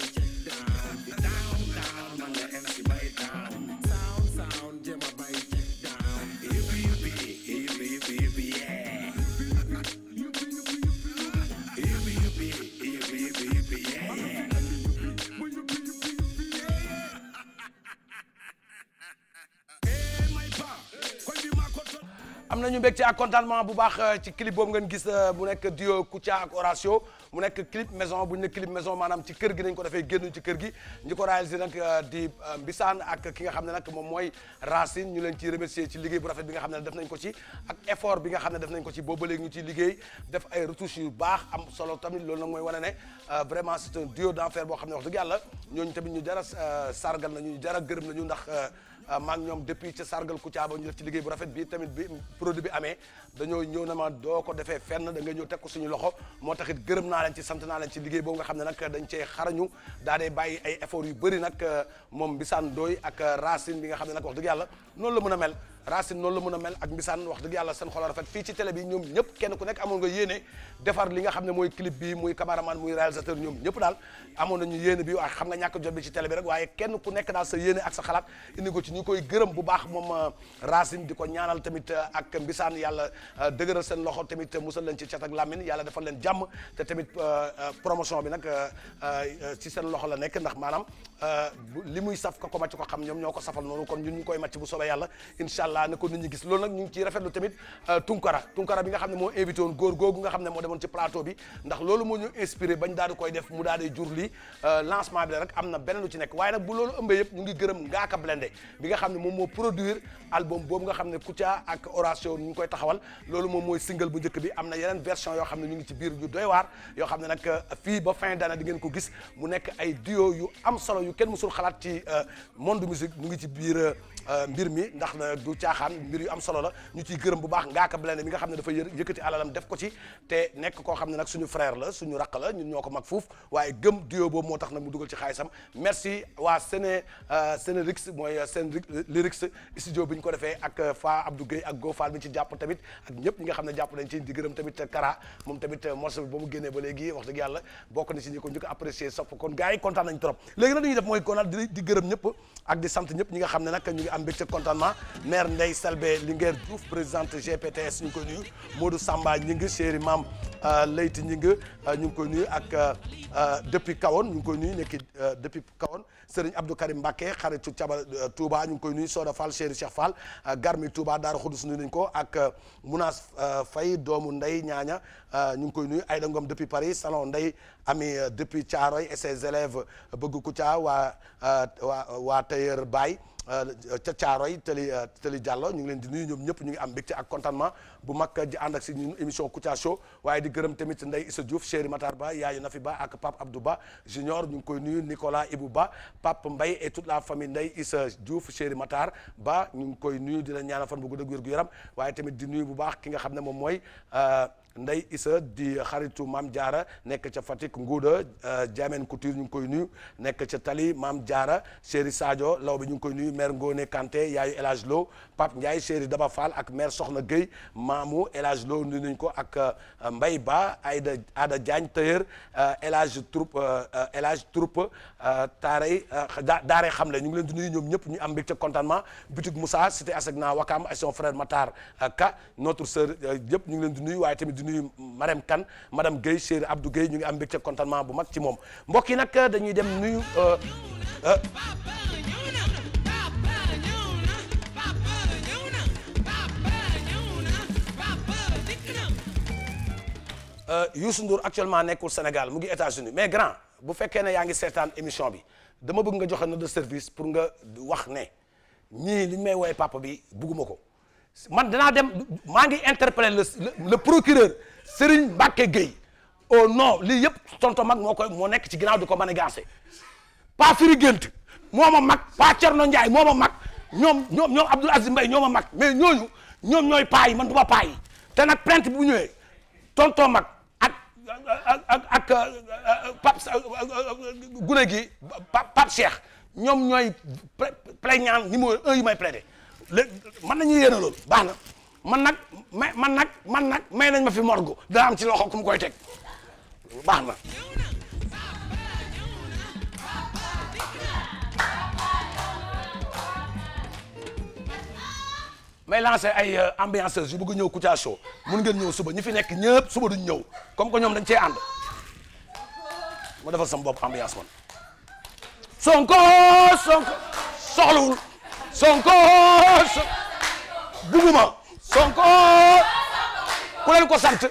am nañu mbég ci ak contentement bu baax euh, ci clip boobu ngeen gis euh, mu nekk duo Kouthia ak Horatio mu nekk clip maison bu ñu ne clip maison maanaam ci kër gi nañ ko defee génn ci kër gi ñi ko réalisé nag euh, di nga xam ne nag moom mooy Racine ñu leen ciy remercier ci liggéey bu rafet bi nga xam ne def nañ ko ci ak effort bi nga xam ne def nañ ko ci boobu léegi ñu ciy liggéey def ay retouches yu baax am solo tamit loolu nag mooy wane ne vraiment c'est dio duo d'enfer boo xam ne wax dëgg yàlla ñooñu tamit ñu dara sargal na ñu jara gërëm na ñu ndax Euh, maa ngi ñoom depuis ca sargal Koutiaba ñu def ci liggéey bu rafet bi tamit bi produit bi amee dañoo ñëw na ma doo ko defee fenn da nga ñëw teg ko suñu loxo moo tax it gërëm naa leen ci sant naa leen ci liggéey boobu nga xam ne nag dañ cee xarañu daa dee bàyyi ay effort yu bëri nag euh, moom Mbisaan Ndoye ak euh, Racine bi nga xam ne nag wax dëgg yàlla noonu la mën a mel Racine noonu la mën a mel ak Mbisaan wax dëgg yàlla seen xol rafet fii ci télé bi ñoom ñëpp kenn ku nekk amoon nga yéene defar li nga xam ne mooy clip bi muy cameraman muy réalisateur ñoom ñëpp daal amoon nañu yéene bi waaye xam nga ñàkk jot bi ci télé bi rek waaye kenn ku nekk daal sa yéene ak sa xalaat indi ko ci ñu baax moom euh, Racine di ko ñaanal tamit euh, ak Mbisaan yàlla euh, dëgëral seen loxo tamit musal leen ci cat ak làmmiñ yàlla defal leen jàmm te tamit promotion bi nag ci seen loxo la nekk ndax maanaam li muy saf ko ko macc ko xam ñoom ñoo ko safal noonu kon ñun ñu koy macc bu soobee yàlla incha allah allah ne ko nit ñi gis loolu nag ñu ngi ciy rafetlu tamit euh, tunkara tunkara bi nga xam ne moo invité woon góor googu nga xam ne moo demoon ci plateau bi ndax loolu moo ñu inspiré bañ daal di koy def mu daal di jur lii euh, lancement bi la rek am na beneen lu ci nekk waaye nag bu loolu ëmbee yëpp ngi gërëm Ngaaka Blindé bi nga xam ne moom moo produire boobu nga xam ne Kouthia ak Oration ñu ngi koy taxawal loolu moom mooy single bu njëkk bi am na yeneen version yoo xam ne ñu ngi ci biir yu doy waar yoo xam ne nag euh, fii ba fin d'année di ngeen ko gis mu nekk ay duo yu am solo yu kenn musul xalaat ci monde musique mu ngi ci biir Euh, mbir mi ndax na du caaxaan mbir yu am solo la ñu ciy gërëm bu baax ngaaka blende mi nga xam ne dafa yër yëkkati alalam def ko ci te nekk koo xam ne nag suñu frère la suñu raq la ñun ñoo ko mag fuuf waaye gëm duo boobu moo tax nag mu dugal ci xaalisam merci waa Séné euh, Sénérix mooy euh, Sén Lyrix studio bi ñu ko defee ak Fa Abdou Gueye ak Go jàpp tamit ak ñëpp ñi nga xam ne jàpp nañ ci di tamit Kara moom tamit morceau bi ba mu génnee ba léegi wax dëgg yàlla bokk na ci ñi ko njëkk apprécier yi kontaan nañ trop léegi nag dañuy def mooy konaat ñëpp ak ñu ngi am mbégte contentement maire Ndeye Selbé Linguère Diouf présidente GPTS ñu ngi koy nuyu Modou Samba Gningue chéri maam euh, Leyti Gningue euh, ñu ngi koy nuyu ak euh, depuis Kawoon ñu ngi koy nuyu nekk depuis Kawoon Serigne Abdou Karim Mbacké xaritu Caba Touba ñu ngi koy nuyu Soda Fall chéri Cheikh Fall Garmi Touba Daaru Xudus nuyu nañu ko ak Mounas Faye doomu ndey Ñaaña ñu ngi koy nuyu ay Ngom depuis Paris salon ndey Ami depuis Thiaroye et ses élèves bëgg Kouthia waa waa waa Euh, ca caaro yi tëli euh, tëli Diallo ñu ngi leen di nuyu ñoom ñëpp ñu ngi am mbégte ak contentement bu mag ji ànd ak si ñun émission Kouthia Show waaye di gërëm tamit Ndeye Issa Diouf Chéri Matar Ba yaayu Nafi Ba ak Pape Abdou Ba Junior ñu ngi koy nuyu Nicolas Ibou Ba Pape Mbaye et toute la famille Ndeye Issa Diouf Chéri Matar Ba ñu ngi koy nuyu di la ñaanal fan bu gudd ak wér yaram waaye tamit di nuyu bu baax ki nga xam ne moom mooy euh, Ndey Issa di xaritu Maam Jaara nekk ca Fatick Nguuda euh, Diamène Couture ñu ngi koy nuyu nekk ca Tali Maam Jaara Chéri Sadio law bi ñu ngi koy nuyu mère Ngone Kanté yaayu El Hadj Lo Pape Ndiaye Daba Fall ak mère Soxna Gueye maamu El Hadj Lo nuyu nañu ko ak euh, Mbay Ba Aïda Ada Diagne Tailleur euh, El Hadj Troupe El Hadj Troupe Taarey Daarey Xamle ñu ngi leen di nuyu ñoom ñëpp ñu am mbégte contentement boutique Moussa cité Asegna Wakam ak son frère Matar Ka notre sœur yëpp ñu ngi l di nuyu Marème Kane madame Guèye Cheikh Abdou ñu ngi am mbégte contentement bu mag ci moom mbokk yi nag dañuy dem nuyu. Euh, euh, euh, Youssou Ndour actuellement nekkul Sénégal mu ngi États-Unis mais grand bu fekkee ne yaa ngi seetaan émission bi dama bëgg nga joxe note de service pour nga du wax ne ñii li ñu may papa bi bugguma ko. man danaa dem maa ngi interpeller le le procureur Serigne Mbacke Gueye oh non lii yëpp tonto mag moo koy moo nekk ci ginnaaw di ko mën a gaase pas gént moo ma mag pas Thierno Ndiaye moo ma mag ñoom ñoom ñoom Abdoul Aziz Mbaye ñoo ma mag mais ñooñu ñoom ñooy paa yi man ma paa yi te nag bu ñëwee tonto mag ak ak ak Pape gune gi Pape Cheikh ñoom ñooy plaignant numéro un yi may plaider. léegi mën nañu yéene loolu baax na man nag may man nag man nag nañ ma fi morgu daa am ci loxo ku mu koy teg baax na may lancé ay euh, ambianceuses yu bëgg ñëw Kouthia Show mun ngeen ñëw suba ñi fi nekk ñëpp suba duñ ñëw comme que ñoom dañ cee ànd ma defal sama bopp ambiance man sonko sonko soxlawul Sonko bugguma Sonko ku leen ko sant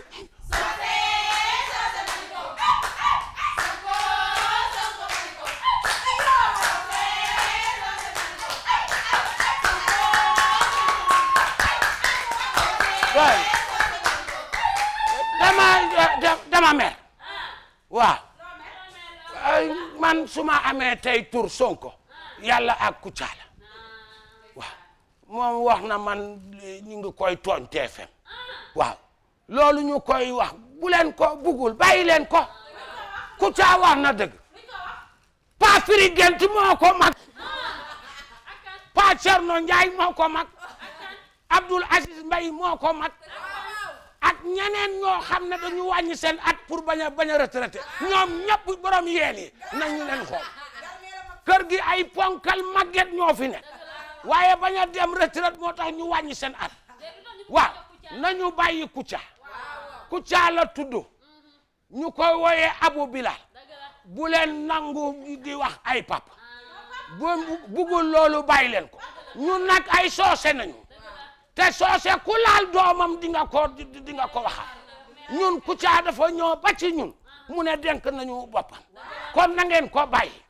dama mer waaw man su ma amee tur Sonko yàlla ak ku Kouthia moom wax na man ñu ngi koy tooñ TFM waaw loolu ñu koy wax bu leen ko bugul bàyyi leen ko Kouthia wax na dëgg Pa Firi Gent moo ko mag Pa Cerno Njaay moo ko mag Abdoul Aziz Mbay moo ko mag ak ñeneen ñoo xam ne dañu wàññi seen at pour bañ a bañ a retraité ñoom ñëpp borom yéen yi nañu leen xool kër gi ay ponkal màgget ñoo fi ne waaye bañ a dem retraite moo tax ñu wàññi seen at waaw nañu bàyyi Kouthia Kouthia la tudd ñu ko woye Abu Bilal bu leen nangu di wax ay pap bu bugul loolu bàyyi leen ko ñun nag ay soose nañu te soose ku laal doomam di nga ko di nga ko waxal ñun Kouthia dafa ñëw ba ñun mu ne denk nañu boppam kon na ngeen ko bàyyi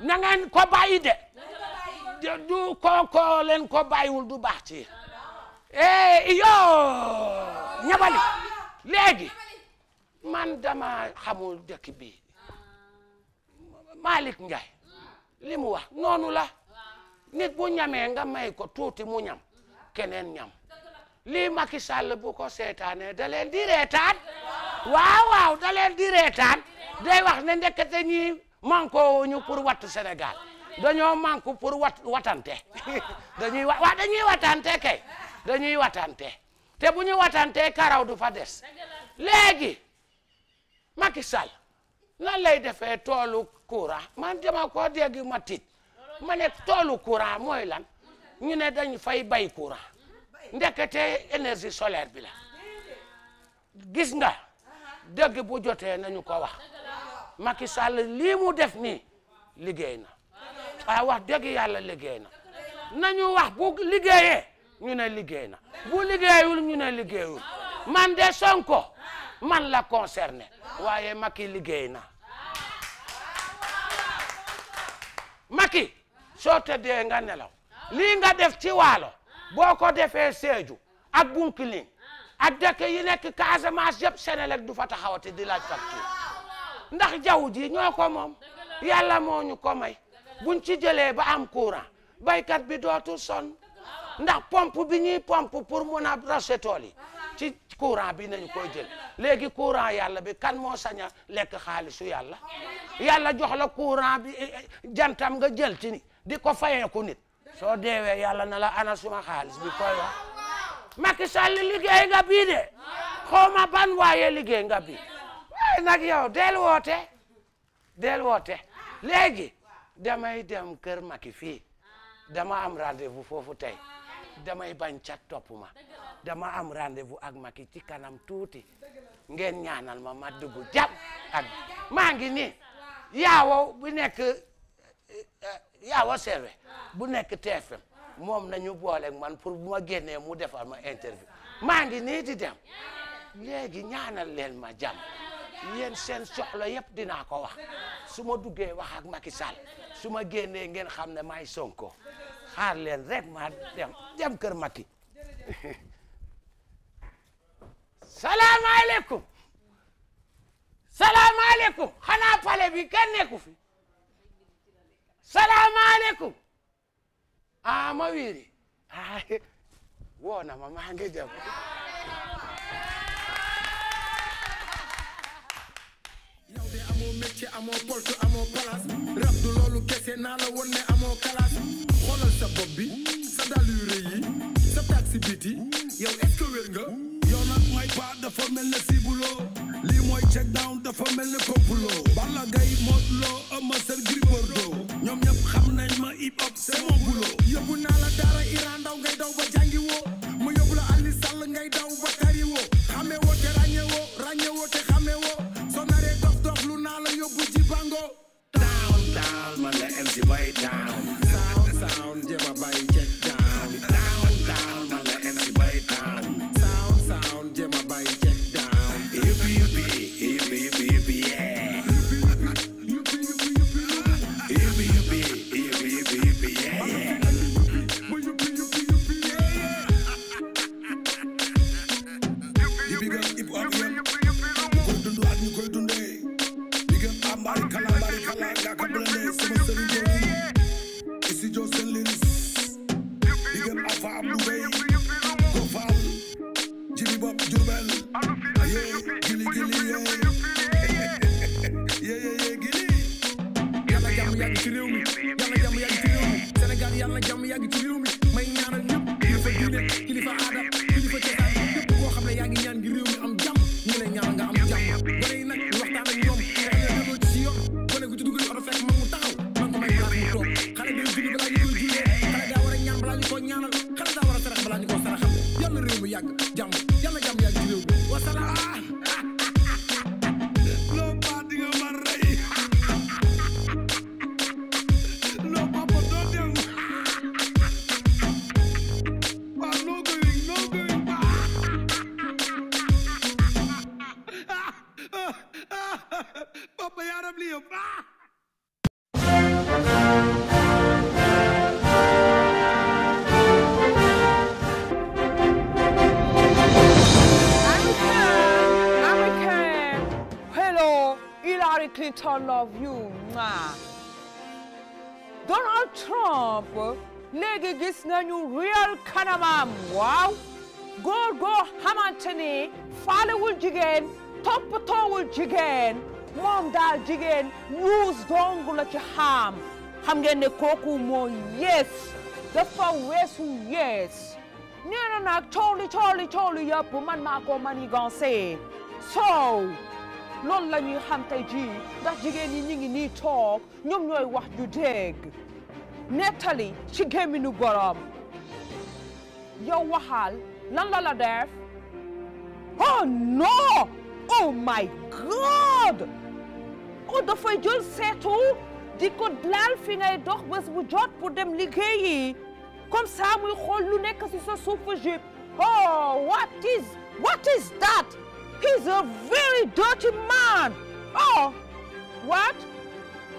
na ko bàyyi de du kookoo leen ko bàyyiwul du baax ci eh yoo ñabali léegi man dama xamul dëkk bi Malick Ndiaye li mu wax noonu la nit bu ñamee nga may ko tuuti mu ñam keneen ñam lii Macky Sall bu ko seetaanee da leen di waaw waaw da leen di day wax ne ndekete ñi manko ñu pour wattu Sénégal dañoo manku pour wat watante dañuy watante kay dañuy watante te bu ñu watante karaw du fa des léegi Macky Sall nan lay defee toolu courant man dama ko dégg ma tiit ma ne toolu courant mooy lan ñu ne dañ fay bay courant ndekete énergie solaire bi la gis nga dëgg bu jotee nañu ko wax Macky Sall lii mu def nii liggéey na waaye wax dëgg yàlla liggéey na nañu wax bu liggéeyee ñu ne liggéey na bu liggéeyul ñu ne liggéeyul man de Sonko man la concerné waaye Macky liggéey na Macky soo tëddee nga nelaw lii nga def ci waalo boo ko defee Sédhiou ak Bounkiling ak dëkk yi nekk Casamance yëpp Senelec du fa taxawati di laaj facture ndax jaww ji ñoo ko moom moo ñu ko may buñ ci jëlee ba am courant baykat bi dootul son ndax pompe bi ñuy pompe pour mun a raché tool yi ci courant bi nañu koy jël léegi courant yàlla bi kan moo sañ a lekk xaalisu yàlla yàlla jox la courant bi eh, eh, jantam nga jël ti ni di ko fayeeku nit soo deewee yàlla na la ana suma xaalis bi koy wax Macky Sall liggéey nga bii de xaw ma ban waaye liggéey nga bii waaye nag yow del woote del woote léegi damay dem kër Macky fii dama am rendez bu foofu tey damay bañ cat topp ma dama am rendez bu ak Macky ci kanam tuuti ngeen ñaanal ma ma dugg jàpp ak maa ngi nii yaawo bu nekk eh, yaawo serve bu nekk TFM moom nañu boole man pour bu ma génnee mu defar ma interview maa ngi nii di dem léegi ñaanal leen ma jàmm yéen seen soxla yëpp dinaa ko wax su ma duggee wax ak Macky su ma génnee ngeen xam ne maay Sonko xaar leen rek ma dem dem kër Macky salaamaaleykum salaamaaleykum xanaa pale bi kenn nekku fi salaamaaleykum ah ma wiiri ah woo na ma maa ngi jëm yow de amoo métier amoo poste amoo place rab du loolu kese naa la won ne amoo kalaas xoolal sa bopp bi sa dàll yu rëy yi sa taksi biti yow est wér nga yow nag paa dafa mel ne sibuloo lii mooy check down dafa mel ne complot Balla Gaye Modou Lo Eumeu Sène Gris Bordeaux ñoom ñëpp xam nañ ma hip hop c'est mon boulot yóbbu naa la daara Iran daw ngay daw ba jàngiwoo ma yóbbu la Ali Sall ngay daw ba tariwoo Salman and MC White that I love you ma Donald Trump léegi gis nañu real kanamam waaw góor goo xamante ni faalewul jigéen toppatoowul jigéen moom daal jigéen ñuus dong la ci xaam xam ngeen kooku moo yees dafa weesu yees nee na nag cooli cooli cooli yëpp man maa ko soow loolu la ñuy xam tey jii ndax jigéen ñi ñu ngi nii toog ñoom ñooy wax ju dégg nettali ci gémminu gorom yow waxaal lan la la def oh no oh my god oh dafay jël seetu di ko laal fi ngay dox bés bu jot pour dem liggéeyi comme ça muy xool lu nekk ci sa suufu jupe oh is what is that He's a very dirty man. Oh, what?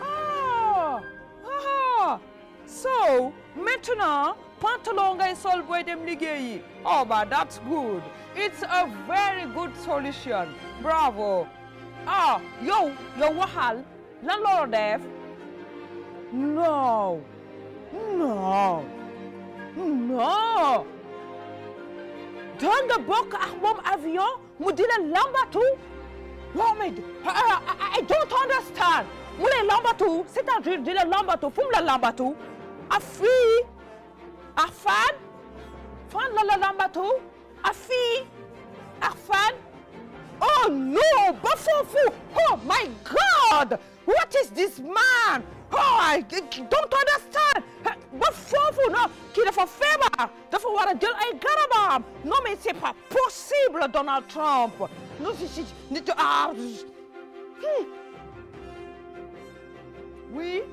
Oh, oh. So, maintenant, sol booy dem liggéeyi. Oh, but It's a very good solution. Bravo. Ah, yow, waxal, lan loo def? No. No. No. Danga bokk ak moom avion? mu di leen ah, ah, ah, mu lay lambatu c'est-à-dire di leen lambatu fu mu la la la lambatu a oh no ba oh my God what is this man waay don't understand ba foofu no kii dafa feebar dafa war a jël ay garabam non mais c'est pas possible Donald Trump non si nit ah oui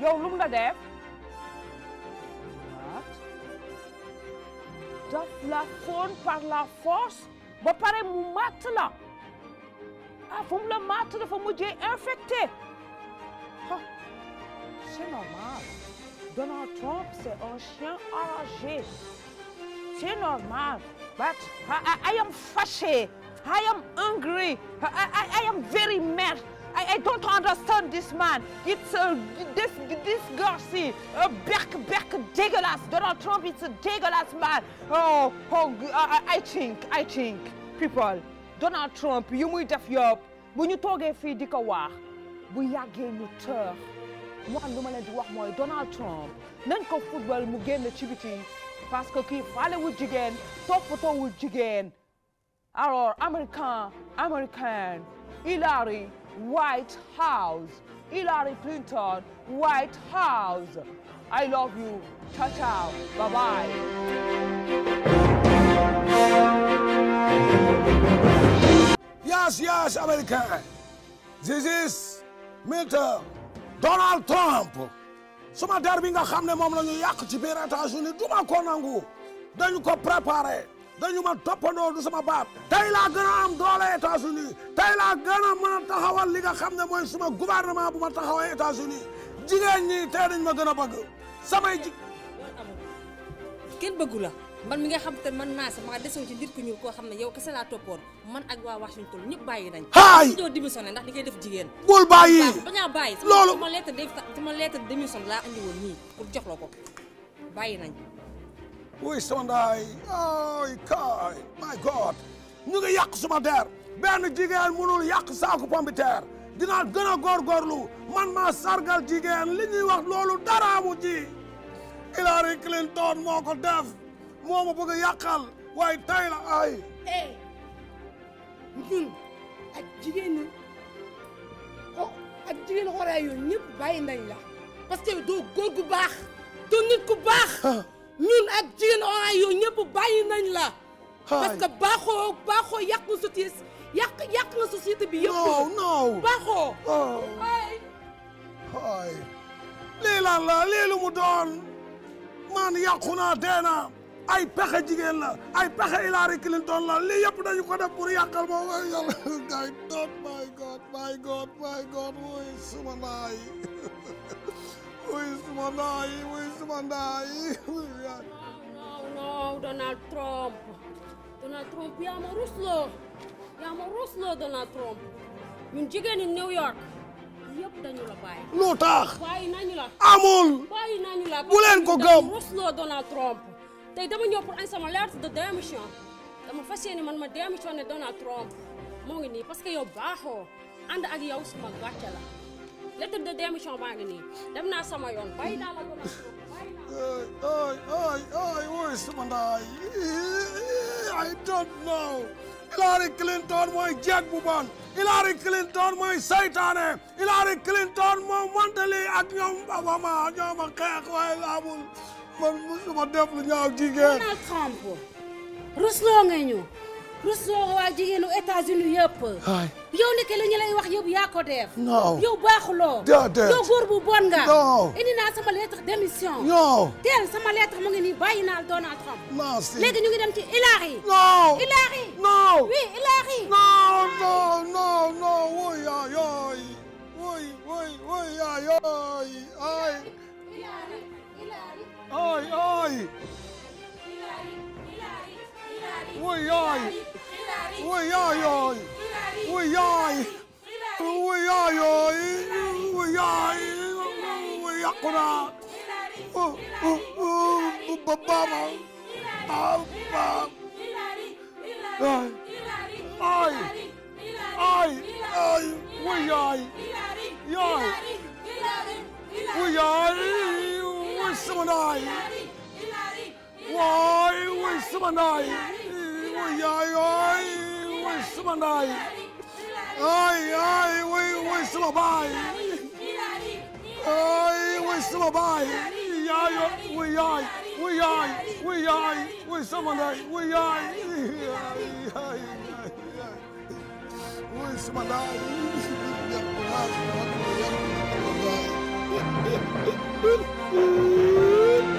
yow lum la def daf la foon par la force ba pare mu màtt la ah fu mu la màtt dafa mujjee infecté marché normal. Donald Trump, c'est un chien enragé. C'est normal. But I, I, I, am fâché. I am angry. I, I am very mad. I, don't understand this man. It's a, this, this garci, a berk, berk, dégueulasse. Donald Trump, it's a dégueulasse man. Oh, oh I, think, I think, people, Donald Trump, you muy def yop. Bu ñu toogee fii di ko wax, bu yàggee ñu tër. mu am lu ma leen di wax mooy Donald Trump nañ ko football mu génn ci biti parce que kii faalewul jigéen toppatoowul jigéen alors américain américain Hillary White House Hillary Clinton White House I love you ciao ciao bye bye. yes yes américain this is Milton. Donald Trump suma der bi nga xam ne moom la ñu yàq ci biir États-Unis du ko nangu dañu ko préparé dañu ma toppandoo du sama baat tey laa gën a am doole États-Unis tey laa gën a mën a taxawal li xam ne mooy suma gouvernement bu ma taxawee États-Unis jigéen ñi tey dañ ma gën a bëgg samay ji. kenn bëggu la. man mi nga xam te man naa sama desew ci nit ku ñuul koo xam ne yow kese laa toppoon man ak waa Washington ñëpp bàyyi nañ haay doo démissionné ndax li ngay def jigéen bul bàyyi bañaa bàyyi loolu sama lettre de de démission laa jox la ko bàyyi nañ wuy sama ndaay ay my god ñu ngi yàq suma der benn jigéen mënul yàq saaku pomme de terre dinaa gën a góorgóorlu man maa sargal jigéen li ñuy wax loolu daraamu ji Hillary Clinton moo ko def moo ma bëgg a yàqal waaye tay la ay eh, ñun ak jigéen ñi xo ak jigéen yooyu ñëpp bàyyi nañ la parce doo góor gu baax doo nit ku baax ñun ak jigéen xoraay yooyu ñëpp bàyyi nañ la parce baaxoo baaxoo yàq nga société yàq yàq nga société bi yëpp non non baaxoo lii lan la lii lu mu doon man yàqu naa dee ay pexe jigéen la ay pexe Hillary Clinton la lii yëpp dañu ko def pour yàqal ma way yàlla gay doot my god my god my god wuy suma ndaay wuy suma ndaay wuy suma ndaay non Donald Trump Donald Trump yaa ma rusloo yaa ma rusloo Donald Trump ñun jigéen ñi New York yëpp dañu la bàyyi lu tax bàyyi nañu la amul bàyyi nañu la bu leen ko gëm rusloo Donald Trump tey dama ñëw pour añ sama lettre de démission dama fas yéene man ma démissionné Donald Trump moo ngi nii parce que yow baaxoo ànd ak yow suma gàcce la lettre de démission baa ngi nii dem naa sama yoon bàyyi naa la ko ay ay ay ooy suma ndaay I don't know Hillary Clinton mooy jeeg bu bon Hillary Clinton mooy saytaane Hillary Clinton moom wante lii ak ñoom Obama ñoom a xeex waaye amul man musuma def lu ñaaw jigéen. Donald Trump rusloo nga ñu jigéenu États-Unis yëpp. yow nekk lu ñu lay wax yëpp yaa yow baaxuloo. déedéet yow góor bu bon nga. non naa sama lettre d'émission. non sama lettre mu ngi nii bàyyi naa Donald Trump. léegi ñu ngi dem ci Hillary. non non oui Hillary. non non non non wuy yaay yooy wuy Oy oy. Oy oy. Oy oy oy. Oy oy. Oy oy oy. Oy oy. Oy yàqu naa. Babaama. Abba. Oy. Oy. Oy. Oy. Oy oy. Yoy. Oy oy. 为什么来？Why we sumanai? We ai ai we sumanai. Ai ai we we sumabai. Ai we sumabai. Ai we ai we ai we ai we sumanai we ai ai ai we sumanai. Yeah, yeah, yeah, yeah. Música mm-hmm.